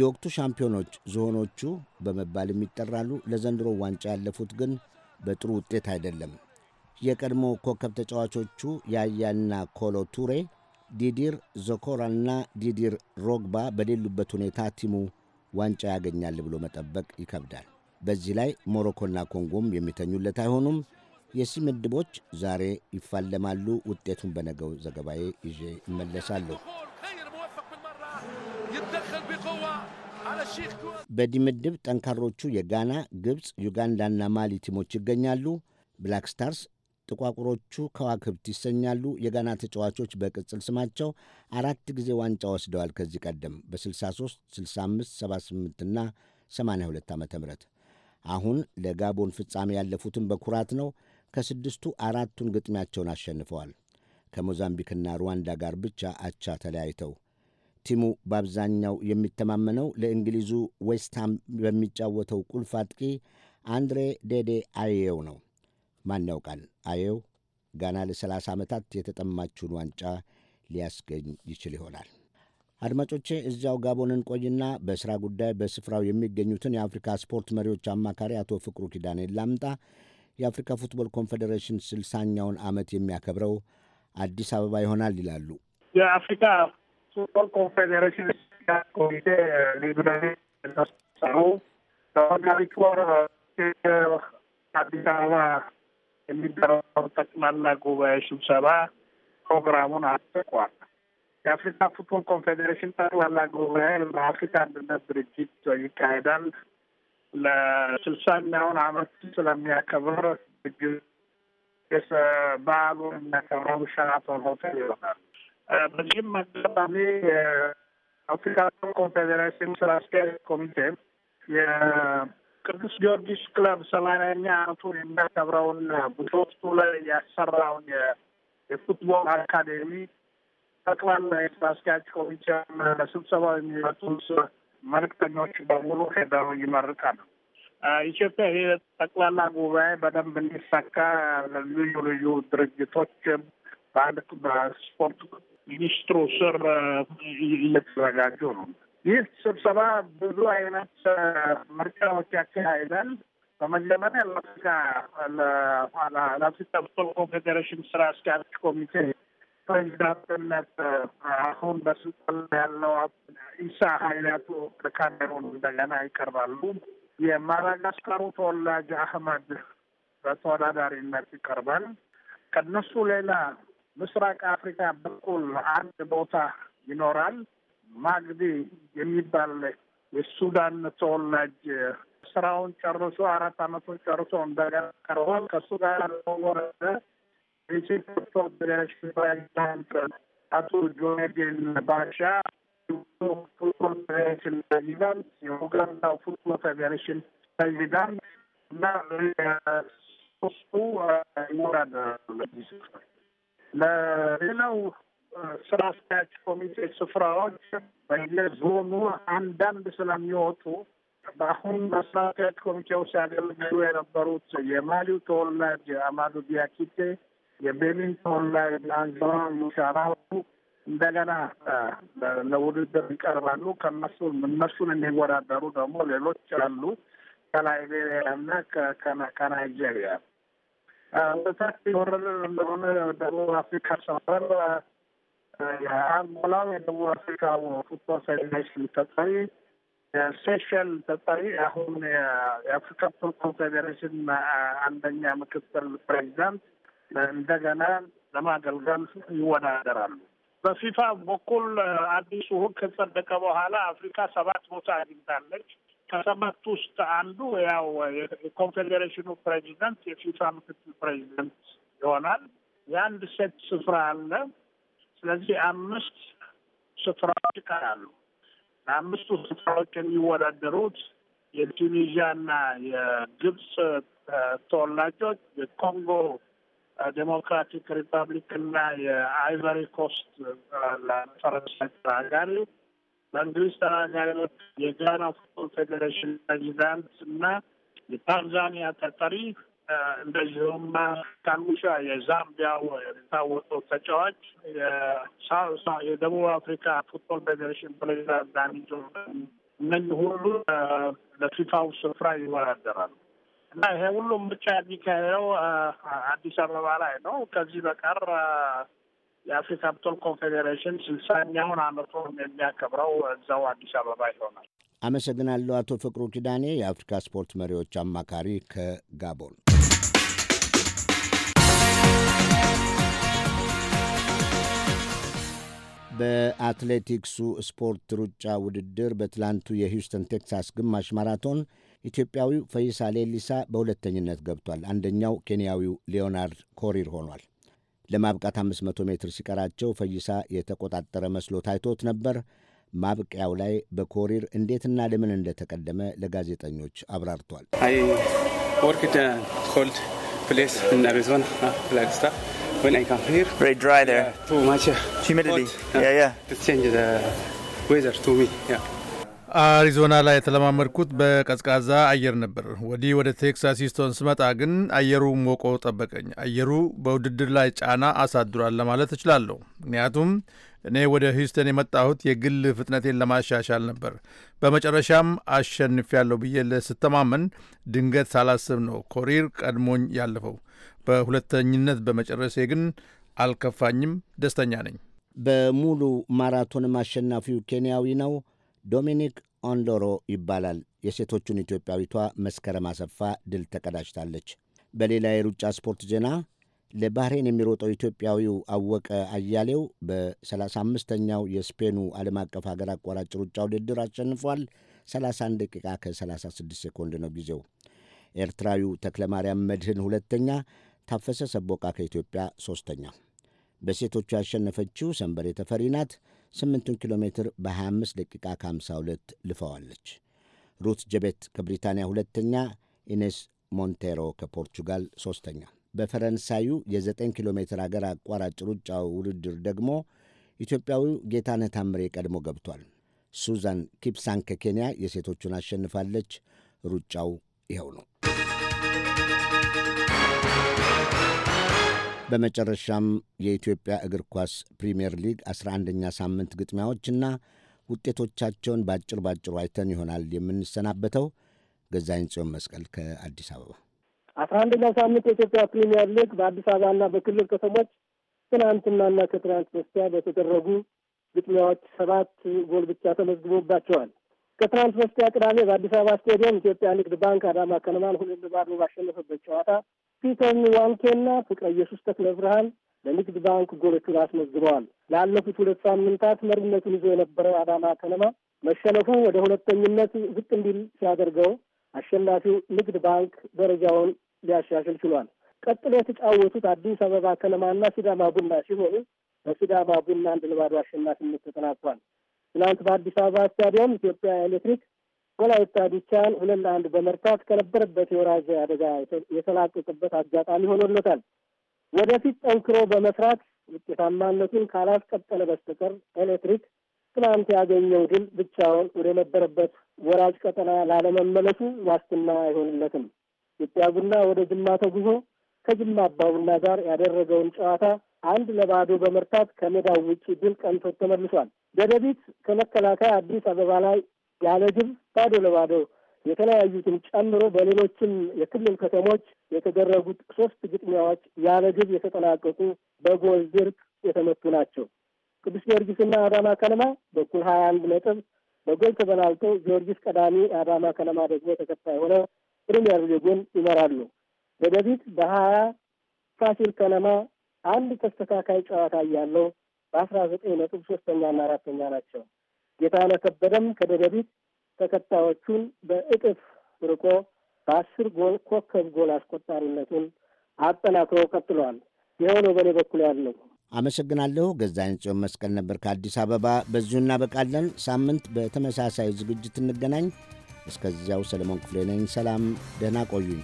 የወቅቱ ሻምፒዮኖች ዝሆኖቹ በመባል ይጠራሉ። ለዘንድሮ ዋንጫ ያለፉት ግን በጥሩ ውጤት አይደለም። የቀድሞ ኮከብ ተጫዋቾቹ ያያና ኮሎ ቱሬ፣ ዲዲር ዞኮራና ዲዲር ሮግባ በሌሉበት ሁኔታ ቲሙ ዋንጫ ያገኛል ብሎ መጠበቅ ይከብዳል። በዚህ ላይ ሞሮኮና ኮንጎም የሚተኙለት አይሆኑም። የሲ ምድቦች ዛሬ ይፋለማሉ። ውጤቱን በነገው ዘገባዬ ይዤ እመለሳለሁ። በዲ ምድብ ጠንካሮቹ የጋና ግብፅ፣ ዩጋንዳና ማሊ ቲሞች ይገኛሉ። ብላክ ስታርስ ጥቋቁሮቹ ከዋክብት ይሰኛሉ። የጋና ተጫዋቾች በቅጽል ስማቸው አራት ጊዜ ዋንጫ ወስደዋል። ከዚህ ቀደም በ63፣ 65፣ 78 78ና 82 ዓ ም አሁን ለጋቦን ፍጻሜ ያለፉትን በኩራት ነው። ከስድስቱ አራቱን ግጥሚያቸውን አሸንፈዋል። ከሞዛምቢክና ሩዋንዳ ጋር ብቻ አቻ ተለያይተው ቲሙ በአብዛኛው የሚተማመነው ለእንግሊዙ ዌስትሃም በሚጫወተው ቁልፍ አጥቂ አንድሬ ዴዴ አየው ነው። ማን ያውቃል አየው ጋና ለ30 ዓመታት የተጠማችውን ዋንጫ ሊያስገኝ ይችል ይሆናል። አድማጮቼ እዚያው ጋቦንን ቆይና በሥራ ጉዳይ በስፍራው የሚገኙትን የአፍሪካ ስፖርት መሪዎች አማካሪ አቶ ፍቅሩ ኪዳኔ ላምጣ። የአፍሪካ ፉትቦል ኮንፌዴሬሽን ስልሳኛውን ዓመት የሚያከብረው አዲስ አበባ ይሆናል ይላሉ።
የአፍሪካ ፉትቦል ኮንፌዴሬሽን ኮሚቴ አዲስ አበባ የሚደረው ጠቅላላ ጉባኤ ስብሰባ ፕሮግራሙን አጽድቋል። የአፍሪካ ፉትቦል ኮንፌዴሬሽን ጠቅላላ ጉባኤ በአፍሪካ አንድነት ድርጅት ይካሄዳል። ለስልሳኛውን አመት ስለሚያከብር ዝግጅት በዓሉ የሚያከብረው ሸራተን ሆቴል ይሆናል። በዚህም አጋጣሚ የአፍሪካ ኮንፌዴሬሽን ስራ አስኪያጅ ኮሚቴ ቅዱስ ጊዮርጊስ ክለብ ሰማንያኛ ዓመቱን የሚያከብረውን ቡቶቱ ላይ ያሰራውን የፉትቦል አካዴሚ ጠቅላላ የስራ አስኪያጅ ኮሚቴ ለስብሰባው የሚመጡት መልክተኞች በሙሉ ሄደው ይመርቃሉ። ኢትዮጵያ ይህ ጠቅላላ ጉባኤ በደንብ እንዲሳካ ልዩ ልዩ ድርጅቶች በአንድ በስፖርት ሚኒስትሩ ስር እየተዘጋጁ ነው። ይህ ስብሰባ ብዙ አይነት ምርጫዎች ያካሄዳል። በመጀመሪያ ለአፍሪካ ለአፍሪካ ፉትቦል ኮንፌዴሬሽን ስራ አስኪያጅ ኮሚቴ ፕሬዚዳንትነት አሁን በስልጣን ያለው ኢሳ ሀይላቱ ካሜሩን እንደገና ይቀርባሉ። የማዳጋስካሩ ተወላጅ አህመድ በተወዳዳሪነት ይቀርባል። ከነሱ ሌላ ምስራቅ አፍሪካ በኩል አንድ ቦታ ይኖራል። ማግዲ የሚባል የሱዳን ተወላጅ ስራውን ጨርሶ አራት አመቱን ጨርሶ እንደገና ቀርቧል። ከእሱ ጋር ወረደ የኢትዮጵያ ፕሬዚዳንት አቶ ጆኔጌን ባሻ ፉትቦል ፌዴሬሽን ፕሬዚዳንት፣ የኡጋንዳው ፉትቦል ፌዴሬሽን ፕሬዚዳንት እና ሶስቱ ይወዳደራሉ። ለዚህ ለሌላው ስራ አስኪያጅ ኮሚቴ ስፍራዎች በየዞኑ አንዳንድ ስለሚወጡ በአሁን በስራ አስኪያጅ ኮሚቴው ሲያገለግሉ የነበሩት የማሊው ተወላጅ የአማዱ ዲያኪቴ፣ የቤኒን ተወላጅ አንዞራ ሙሻራው እንደገና ለውድድር ይቀርባሉ። ከነሱ እነሱን የሚወዳደሩ ደግሞ ሌሎች አሉ ከላይቤሪያ እና ከናይጄሪያ ወደታች የወረደ እንደሆነ ደቡብ አፍሪካ ሰፈር የአንጎላው የደቡብ አፍሪካ ፉትቦል ፌዴሬሽን ተጠሪ ሴሽል ተጠሪ አሁን የአፍሪካ ፉትቦል ፌዴሬሽን አንደኛ ምክትል ፕሬዚዳንት እንደገና ለማገልገል ይወዳደራሉ። በፊፋ በኩል አዲሱ ሕግ ከጸደቀ በኋላ አፍሪካ ሰባት ቦታ አግኝታለች። ከሰባት ውስጥ አንዱ ያው የኮንፌዴሬሽኑ ፕሬዚዳንት የፊፋ ምክትል ፕሬዚዳንት ይሆናል። የአንድ ሴት ስፍራ አለ። ስለዚህ አምስት ስፍራዎች ይቀራሉ። አምስቱ ስፍራዎች የሚወዳደሩት የቱኒዥያና የግብፅ ተወላጆች የኮንጎ ዴሞክራቲክ ሪፐብሊክ ሪፐብሊክና የአይቨሪ ኮስት ለፈረንሳይ ተናጋሪ፣ በእንግሊዝ ተናጋሪዎች የጋና ፉትቦል ፌዴሬሽን ፕሬዚዳንት እና የታንዛኒያ ተጠሪ እንደዚሁም ካንጉሻ የዛምቢያ የሚታወቀው ተጫዋች የደቡብ አፍሪካ ፉትቦል ፌዴሬሽን ፕሬዚዳንት ዳኒጆ እነህ ሁሉ ለፊፋው ስፍራ ይወዳደራሉ እና ይሄ ሁሉም ብቻ የሚካሄደው አዲስ አበባ ላይ ነው። ከዚህ በቀር የአፍሪካ ፉትቦል ኮንፌዴሬሽን ስልሳኛውን ዓመቱን የሚያከብረው እዛው አዲስ
አበባ ይሆናል። አመሰግናለሁ። አቶ ፍቅሩ ኪዳኔ የአፍሪካ ስፖርት መሪዎች አማካሪ ከጋቦን በአትሌቲክሱ ስፖርት ሩጫ ውድድር በትላንቱ የሂውስተን ቴክሳስ ግማሽ ማራቶን ኢትዮጵያዊው ፈይሳ ሌሊሳ በሁለተኝነት ገብቷል። አንደኛው ኬንያዊው ሊዮናርድ ኮሪር ሆኗል። ለማብቃት 500 ሜትር ሲቀራቸው ፈይሳ የተቆጣጠረ መስሎ ታይቶት ነበር። ማብቂያው ላይ በኮሪር እንዴትና ለምን እንደተቀደመ ለጋዜጠኞች አብራርቷል።
when I come here. Very dry
there. Yeah, too much uh, humidity. Hot. Yeah, uh, yeah. To change the uh, weather to me. Yeah.
አሪዞና ላይ የተለማመድኩት በቀዝቃዛ አየር ነበር። ወዲህ ወደ ቴክሳስ ሂውስተን ስመጣ ግን አየሩ ሞቆ ጠበቀኝ። አየሩ በውድድር ላይ ጫና አሳድሯል ለማለት እችላለሁ። ምክንያቱም እኔ ወደ ሂውስተን የመጣሁት የግል ፍጥነቴን ለማሻሻል ነበር። በመጨረሻም አሸንፊያለሁ ብዬ ለስተማመን ድንገት ሳላስብ ነው ኮሪር ቀድሞኝ ያለፈው። በሁለተኝነት በመጨረሴ ግን አልከፋኝም፣ ደስተኛ ነኝ።
በሙሉ ማራቶንም አሸናፊው ኬንያዊ ነው። ዶሚኒክ ኦንዶሮ ይባላል። የሴቶቹን ኢትዮጵያዊቷ መስከረም አሰፋ ድል ተቀዳጅታለች። በሌላ የሩጫ ስፖርት ዜና ለባህሬን የሚሮጠው ኢትዮጵያዊው አወቀ አያሌው በ35ኛው የስፔኑ ዓለም አቀፍ ሀገር አቋራጭ ሩጫ ውድድር አሸንፏል። 31 ደቂቃ ከ36 ሴኮንድ ነው ጊዜው። ኤርትራዊው ተክለማርያም መድህን ሁለተኛ፣ ታፈሰ ሰቦቃ ከኢትዮጵያ ሦስተኛ። በሴቶቹ ያሸነፈችው ሰንበሬ ተፈሪ ናት። 8 ኪሎ ሜትር በ25 ደቂቃ ከ52 ልፈዋለች። ሩት ጀቤት ከብሪታንያ ሁለተኛ፣ ኢኔስ ሞንቴሮ ከፖርቹጋል ሦስተኛ። በፈረንሳዩ የ9 ኪሎ ሜትር አገር አቋራጭ ሩጫ ውድድር ደግሞ ኢትዮጵያዊው ጌታነህ ታምሬ ቀድሞ ገብቷል። ሱዛን ኪፕሳን ከኬንያ የሴቶቹን አሸንፋለች። ሩጫው ይኸው ነው። በመጨረሻም የኢትዮጵያ እግር ኳስ ፕሪምየር ሊግ 11ኛ ሳምንት ግጥሚያዎችና ውጤቶቻቸውን ባጭር ባጭሩ አይተን ይሆናል የምንሰናበተው። ገዛኝ ጽዮን መስቀል ከአዲስ አበባ።
አስራ አንደኛ ሳምንት የኢትዮጵያ ፕሪምየር ሊግ በአዲስ አበባና በክልል ከተሞች ትናንትናና ከትናንት በስቲያ በተደረጉ ግጥሚያዎች ሰባት ጎል ብቻ ተመዝግቦባቸዋል። ከትናንት በስቲያ ቅዳሜ በአዲስ አበባ ስቴዲየም ኢትዮጵያ ንግድ ባንክ አዳማ ከነማን ሁለት ለባዶ ባሸነፈበት ጨዋታ ፒተን ዋንኬና ፍቅረ ኢየሱስ ተክለ ብርሃን ለንግድ ባንክ ጎሎቹን አስመዝግበዋል። ላለፉት ሁለት ሳምንታት መሪነቱን ይዞ የነበረው አዳማ ከነማ መሸነፉ ወደ ሁለተኝነት ዝቅ እንዲል ሲያደርገው አሸናፊው ንግድ ባንክ ደረጃውን ሊያሻሽል ችሏል። ቀጥሎ የተጫወቱት አዲስ አበባ ከነማና ሲዳማ ቡና ሲሆኑ በሲዳማ ቡና አንድ ለባዶ አሸናፊነት ተጠናቋል። ትናንት በአዲስ አበባ ስታዲየም ኢትዮጵያ ኤሌክትሪክ ወላይታ ዲቻን ሁለት ለአንድ በመርታት ከነበረበት የወራጅ አደጋ የተላቀቀበት አጋጣሚ ሆኖለታል። ወደፊት ጠንክሮ በመስራት ውጤታማነቱን ካላስቀጠለ በስተቀር ኤሌክትሪክ ትናንት ያገኘው ድል ብቻውን ወደ ነበረበት ወራጅ ቀጠና ላለመመለሱ ዋስትና አይሆንለትም። ኢትዮጵያ ቡና ወደ ጅማ ተጉዞ ከጅማ አባቡና ጋር ያደረገውን ጨዋታ አንድ ለባዶ በመርታት ከሜዳው ውጭ ድል ቀንቶት ተመልሷል። ደደቢት ከመከላከያ አዲስ አበባ ላይ ያለ ግብ ባዶ ለባዶ የተለያዩትን ጨምሮ በሌሎችም የክልል ከተሞች የተደረጉት ሶስት ግጥሚያዎች ያለ ግብ የተጠናቀቁ በጎል ድርቅ የተመቱ ናቸው። ቅዱስ ጊዮርጊስና አዳማ ከነማ በኩል ሀያ አንድ ነጥብ በጎል ተበላልተው ጊዮርጊስ ቀዳሚ፣ አዳማ ከነማ ደግሞ ተከታይ ሆነ ፕሪሚየር ሊጉን ይመራሉ። በደቢት በሀያ ፋሲል ከነማ አንድ ተስተካካይ ጨዋታ እያለው በአስራ ዘጠኝ ነጥብ ሶስተኛና አራተኛ ናቸው። ጌታ ከበደም ከደደቢት ተከታዮቹን በእጥፍ ርቆ በአስር ጎል ኮከብ ጎል አስቆጣሪነቱን አጠናክሮ ቀጥሏል። ይኸው ነው በእኔ በኩል ያለው።
አመሰግናለሁ። ገዛኝ ጽዮን መስቀል ነበር ከአዲስ አበባ። በዚሁ እናበቃለን። ሳምንት በተመሳሳይ ዝግጅት እንገናኝ። እስከዚያው ሰለሞን ክፍሌ ነኝ። ሰላም፣ ደህና ቆዩኝ።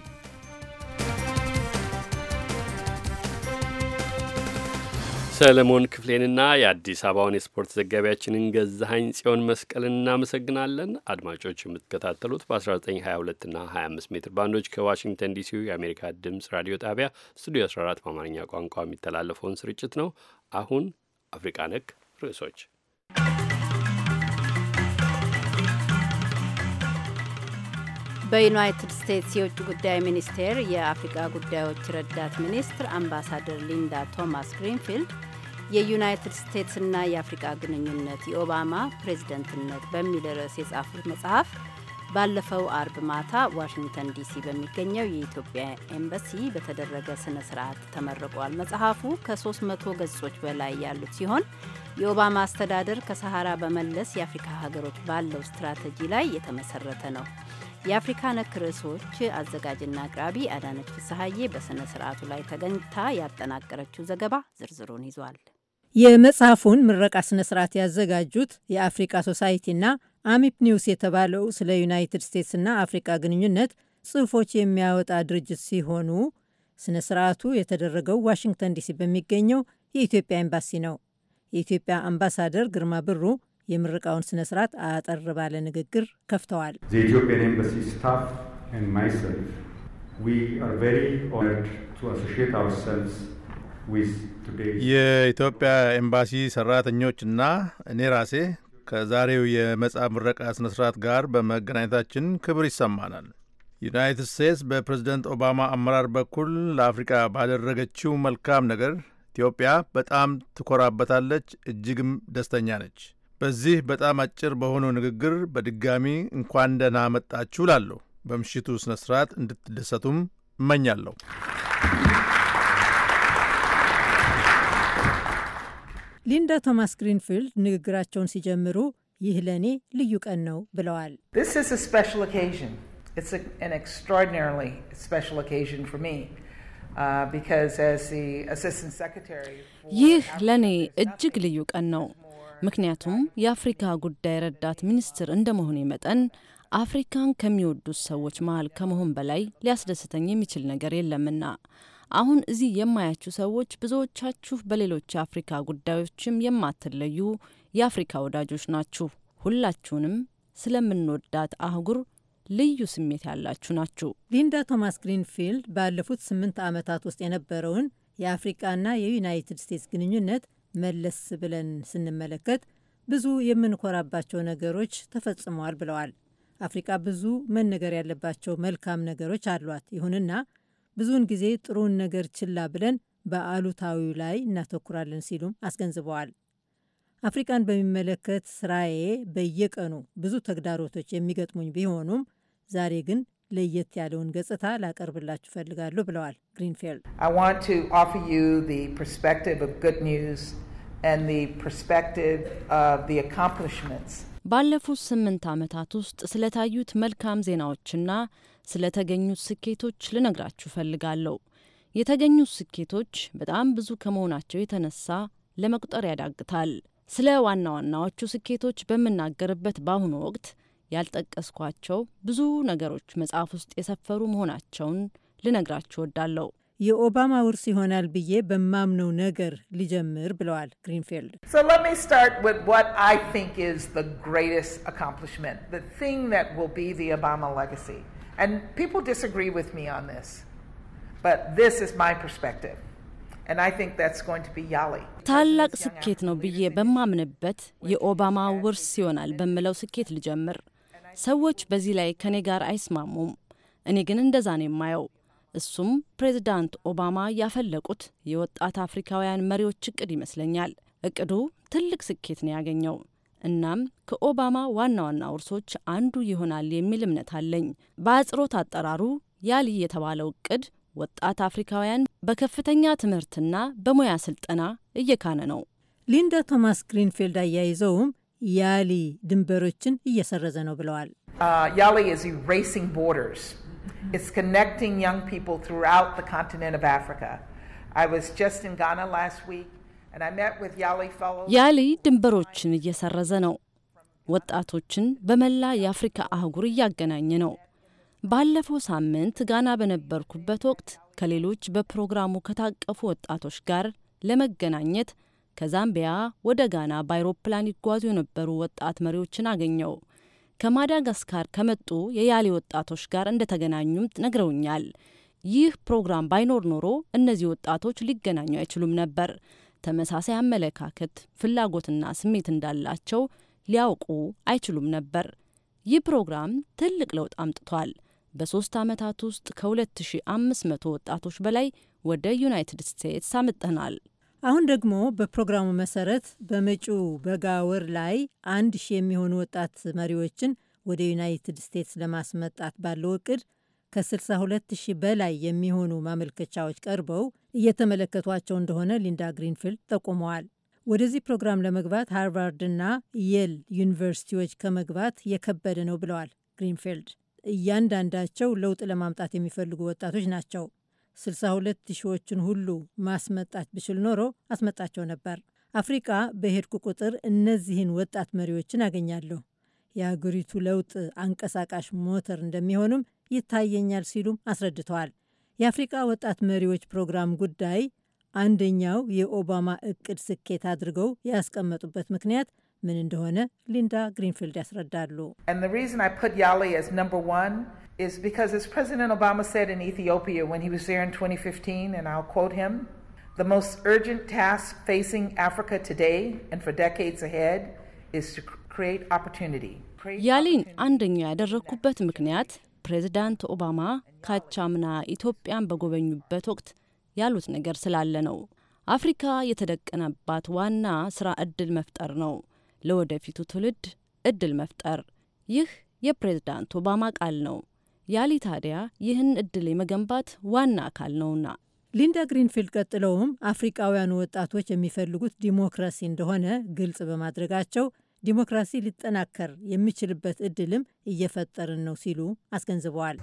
ሰለሞን ክፍሌንና የአዲስ አበባውን የስፖርት ዘጋቢያችንን ገዛሀኝ ጽዮን መስቀል እናመሰግናለን። አድማጮች የምትከታተሉት በ1922 እና 25 ሜትር ባንዶች ከዋሽንግተን ዲሲው የአሜሪካ ድምፅ ራዲዮ ጣቢያ ስቱዲዮ 14 በአማርኛ ቋንቋ የሚተላለፈውን ስርጭት ነው። አሁን አፍሪቃ ነክ ርዕሶች
በዩናይትድ ስቴትስ የውጭ ጉዳይ ሚኒስቴር የአፍሪቃ ጉዳዮች ረዳት ሚኒስትር አምባሳደር ሊንዳ ቶማስ ግሪንፊልድ የዩናይትድ ስቴትስና የአፍሪቃ ግንኙነት የኦባማ ፕሬዝደንትነት በሚል ርዕስ የጻፉት መጽሐፍ ባለፈው አርብ ማታ ዋሽንግተን ዲሲ በሚገኘው የኢትዮጵያ ኤምባሲ በተደረገ ስነ ስርዓት ተመርቋል። መጽሐፉ ከ300 ገጾች በላይ ያሉት ሲሆን የኦባማ አስተዳደር ከሰሃራ በመለስ የአፍሪካ ሀገሮች ባለው ስትራቴጂ ላይ የተመሰረተ ነው። የአፍሪካ ነክ ርዕሶች አዘጋጅና አቅራቢ አዳነች ፍስሀዬ በስነ ስርዓቱ ላይ ተገኝታ ያጠናቀረችው ዘገባ ዝርዝሩን ይዟል።
የመጽሐፉን ምረቃ ስነ ስርዓት ያዘጋጁት የአፍሪቃ ሶሳይቲና አሚፕ ኒውስ የተባለው ስለ ዩናይትድ ስቴትስና አፍሪቃ ግንኙነት ጽሑፎች የሚያወጣ ድርጅት ሲሆኑ ስነ ስርዓቱ የተደረገው ዋሽንግተን ዲሲ በሚገኘው የኢትዮጵያ ኤምባሲ ነው። የኢትዮጵያ አምባሳደር ግርማ ብሩ የምርቃውን ስነ ስርዓት አጠር ባለ ንግግር ከፍተዋል።
የኢትዮጵያ ኤምባሲ ሰራተኞችና እኔ ራሴ ከዛሬው የመጽሐፍ ምረቃ ስነ ስርዓት ጋር በመገናኘታችን ክብር ይሰማናል። ዩናይትድ ስቴትስ በፕሬዝደንት ኦባማ አመራር በኩል ለአፍሪካ ባደረገችው መልካም ነገር ኢትዮጵያ በጣም ትኮራበታለች፣ እጅግም ደስተኛ ነች። በዚህ በጣም አጭር በሆነው ንግግር በድጋሚ እንኳን ደህና መጣችሁ ላለሁ በምሽቱ ስነ ስርዓት እንድትደሰቱም እመኛለሁ።
ሊንዳ ቶማስ ግሪንፊልድ ንግግራቸውን ሲጀምሩ ይህ ለእኔ ልዩ ቀን
ነው ብለዋል። uh, ይህ
ለእኔ እጅግ ልዩ ቀን ነው፣ ምክንያቱም የአፍሪካ ጉዳይ ረዳት ሚኒስትር እንደመሆኔ መጠን አፍሪካን ከሚወዱት ሰዎች መሀል ከመሆን በላይ ሊያስደስተኝ የሚችል ነገር የለምና አሁን እዚህ የማያችሁ ሰዎች ብዙዎቻችሁ በሌሎች የአፍሪካ ጉዳዮችም የማትለዩ የአፍሪካ ወዳጆች ናችሁ። ሁላችሁንም
ስለምንወዳት አህጉር ልዩ ስሜት ያላችሁ ናችሁ። ሊንዳ ቶማስ ግሪንፊልድ ባለፉት ስምንት ዓመታት ውስጥ የነበረውን የአፍሪቃና የዩናይትድ ስቴትስ ግንኙነት መለስ ብለን ስንመለከት ብዙ የምንኮራባቸው ነገሮች ተፈጽመዋል ብለዋል። አፍሪቃ ብዙ መነገር ያለባቸው መልካም ነገሮች አሏት። ይሁንና ብዙውን ጊዜ ጥሩውን ነገር ችላ ብለን በአሉታዊው ላይ እናተኩራለን ሲሉም አስገንዝበዋል። አፍሪቃን በሚመለከት ስራዬ በየቀኑ ብዙ ተግዳሮቶች የሚገጥሙኝ ቢሆኑም ዛሬ ግን ለየት ያለውን ገጽታ ላቀርብላችሁ እፈልጋለሁ ብለዋል ግሪንፊልድ። ባለፉት ስምንት
ዓመታት ውስጥ ስለታዩት መልካም ዜናዎችና ስለተገኙት ስኬቶች ልነግራችሁ እፈልጋለሁ። የተገኙት ስኬቶች በጣም ብዙ ከመሆናቸው የተነሳ ለመቁጠር ያዳግታል። ስለ ዋና ዋናዎቹ ስኬቶች በምናገርበት በአሁኑ ወቅት ያልጠቀስኳቸው ብዙ ነገሮች መጽሐፍ ውስጥ የሰፈሩ መሆናቸውን
ልነግራችሁ ወዳለሁ። የኦባማ ውርስ ይሆናል ብዬ በማምነው ነገር ሊጀምር
ብለዋል ግሪንፊልድ።
ታላቅ ስኬት ነው ብዬ በማምንበት የኦባማ ውርስ ይሆናል በምለው ስኬት ልጀምር። ሰዎች በዚህ ላይ ከኔ ጋር አይስማሙም። እኔ ግን እንደዛ ነው የማየው። እሱም ፕሬዚዳንት ኦባማ ያፈለቁት የወጣት አፍሪካውያን መሪዎች እቅድ ይመስለኛል። እቅዱ ትልቅ ስኬት ነው ያገኘው። እናም ከኦባማ ዋና ዋና ውርሶች አንዱ ይሆናል የሚል እምነት አለኝ። በአጽሮት አጠራሩ ያሊ የተባለው እቅድ ወጣት አፍሪካውያን በከፍተኛ ትምህርትና በሙያ ስልጠና እየካነ
ነው። ሊንዳ ቶማስ ግሪንፊልድ አያይዘውም ያሊ ድንበሮችን እየሰረዘ
ነው ብለዋል። ያሊ uh, It's connecting young people throughout the continent of Africa. I was just in Ghana last week and I met with Yali Fellows. ያሊ
ድንበሮችን እየሰረዘ ነው። ወጣቶችን በመላ የአፍሪካ አህጉር እያገናኘ ነው። ባለፈው ሳምንት ጋና በነበርኩበት ወቅት ከሌሎች በፕሮግራሙ ከታቀፉ ወጣቶች ጋር ለመገናኘት ከዛምቢያ ወደ ጋና በአይሮፕላን ይጓዙ የነበሩ ወጣት መሪዎችን አገኘው። ከማዳጋስካር ከመጡ የያሌ ወጣቶች ጋር እንደተገናኙም ነግረውኛል። ይህ ፕሮግራም ባይኖር ኖሮ እነዚህ ወጣቶች ሊገናኙ አይችሉም ነበር። ተመሳሳይ አመለካከት፣ ፍላጎትና ስሜት እንዳላቸው ሊያውቁ አይችሉም ነበር። ይህ ፕሮግራም ትልቅ ለውጥ አምጥቷል። በሶስት ዓመታት ውስጥ ከ2500 ወጣቶች በላይ ወደ ዩናይትድ ስቴትስ አምጥተናል።
አሁን ደግሞ በፕሮግራሙ መሰረት በመጪው በጋ ወር ላይ አንድ ሺህ የሚሆኑ ወጣት መሪዎችን ወደ ዩናይትድ ስቴትስ ለማስመጣት ባለው እቅድ ከ62 ሺህ በላይ የሚሆኑ ማመልከቻዎች ቀርበው እየተመለከቷቸው እንደሆነ ሊንዳ ግሪንፊልድ ጠቁመዋል። ወደዚህ ፕሮግራም ለመግባት ሃርቫርድና የል ዩኒቨርሲቲዎች ከመግባት የከበደ ነው ብለዋል ግሪንፊልድ። እያንዳንዳቸው ለውጥ ለማምጣት የሚፈልጉ ወጣቶች ናቸው። 62 ሺዎችን ሁሉ ማስመጣት ብችል ኖሮ አስመጣቸው ነበር። አፍሪቃ በሄድኩ ቁጥር እነዚህን ወጣት መሪዎችን አገኛለሁ፣ የአገሪቱ ለውጥ አንቀሳቃሽ ሞተር እንደሚሆኑም ይታየኛል ሲሉም አስረድተዋል። የአፍሪቃ ወጣት መሪዎች ፕሮግራም ጉዳይ አንደኛው የኦባማ እቅድ ስኬት
አድርገው ያስቀመጡበት ምክንያት ምን እንደሆነ ሊንዳ ግሪንፊልድ ያስረዳሉ። is because, as President Obama said in Ethiopia when he was there in 2015, and I'll quote him the most urgent task facing Africa today and for decades ahead is to create opportunity.
ያሊን አንደኛ ያደረግኩበት ምክንያት ፕሬዚዳንት ኦባማ ካቻምና ኢትዮጵያን በጎበኙበት ወቅት ያሉት ነገር ስላለ ነው። አፍሪካ የተደቀነባት ዋና ስራ እድል መፍጠር ነው። ለወደፊቱ ትውልድ እድል መፍጠር። ይህ የፕሬዚዳንት ኦባማ ቃል ነው። ያሊ ታዲያ ይህን እድል የመገንባት
ዋና አካል ነውና። ሊንዳ ግሪንፊልድ ቀጥለውም አፍሪቃውያኑ ወጣቶች የሚፈልጉት ዲሞክራሲ እንደሆነ ግልጽ በማድረጋቸው ዲሞክራሲ ሊጠናከር የሚችልበት እድልም እየፈጠርን ነው ሲሉ አስገንዝበዋል።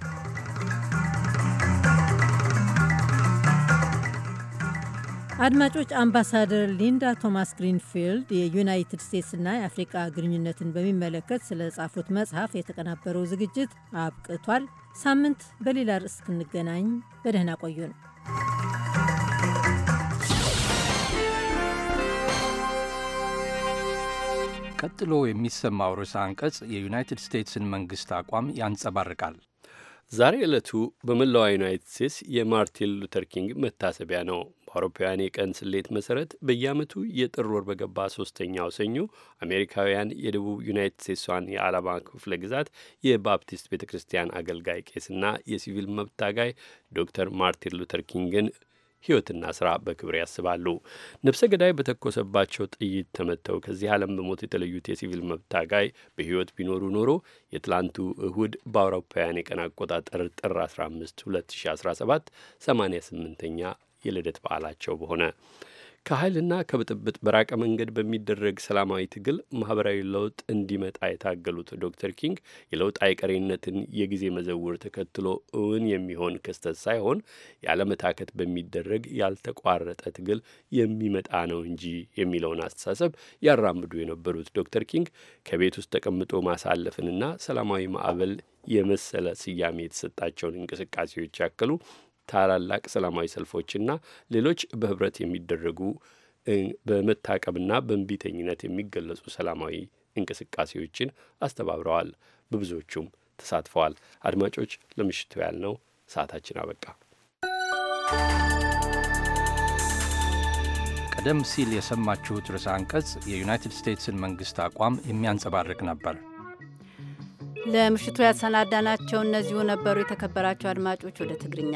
አድማጮች አምባሳደር ሊንዳ ቶማስ ግሪንፊልድ የዩናይትድ ስቴትስና የአፍሪቃ ግንኙነትን በሚመለከት ስለ ጻፉት መጽሐፍ የተቀናበረው ዝግጅት አብቅቷል። ሳምንት በሌላ ርዕስ እስክንገናኝ በደህና ቆዩን።
ቀጥሎ የሚሰማው ርዕሰ አንቀጽ የዩናይትድ ስቴትስን መንግሥት አቋም ያንጸባርቃል። ዛሬ ዕለቱ በመላዋ ዩናይትድ ስቴትስ የማርቲን ሉተር ኪንግ መታሰቢያ ነው። በአውሮፓውያን የቀን ስሌት መሰረት በየዓመቱ የጥር ወር በገባ ሶስተኛው ሰኞ አሜሪካውያን የደቡብ ዩናይትድ ስቴትሷን የአላባማ ክፍለ ግዛት የባፕቲስት ቤተ ክርስቲያን አገልጋይ ቄስና የሲቪል መብት ታጋይ ዶክተር ማርቲን ሉተር ኪንግን ሕይወትና ስራ በክብር ያስባሉ። ነፍሰ ገዳይ በተኮሰባቸው ጥይት ተመተው ከዚህ ዓለም በሞት የተለዩት የሲቪል መብት ታጋይ በሕይወት ቢኖሩ ኖሮ የትላንቱ እሁድ በአውሮፓውያን የቀን አቆጣጠር ጥር 15 2017 88ኛ የልደት በዓላቸው በሆነ ከኃይልና ከብጥብጥ በራቀ መንገድ በሚደረግ ሰላማዊ ትግል ማህበራዊ ለውጥ እንዲመጣ የታገሉት ዶክተር ኪንግ የለውጥ አይቀሬነትን የጊዜ መዘውር ተከትሎ እውን የሚሆን ክስተት ሳይሆን ያለመታከት በሚደረግ ያልተቋረጠ ትግል የሚመጣ ነው እንጂ የሚለውን አስተሳሰብ ያራምዱ የነበሩት ዶክተር ኪንግ ከቤት ውስጥ ተቀምጦ ማሳለፍንና ሰላማዊ ማዕበል የመሰለ ስያሜ የተሰጣቸውን እንቅስቃሴዎች ያከሉ ታላላቅ ሰላማዊ ሰልፎችና ሌሎች በህብረት የሚደረጉ በመታቀብና በእንቢተኝነት የሚገለጹ ሰላማዊ እንቅስቃሴዎችን አስተባብረዋል። በብዙዎቹም ተሳትፈዋል። አድማጮች፣ ለምሽቱ ያልነው ሰዓታችን አበቃ። ቀደም ሲል የሰማችሁት ርዕሰ አንቀጽ የዩናይትድ ስቴትስን መንግሥት አቋም የሚያንጸባርቅ ነበር።
ለምሽቱ ያሰናዳናቸው እነዚሁ ነበሩ። የተከበራቸው አድማጮች ወደ ትግርኛ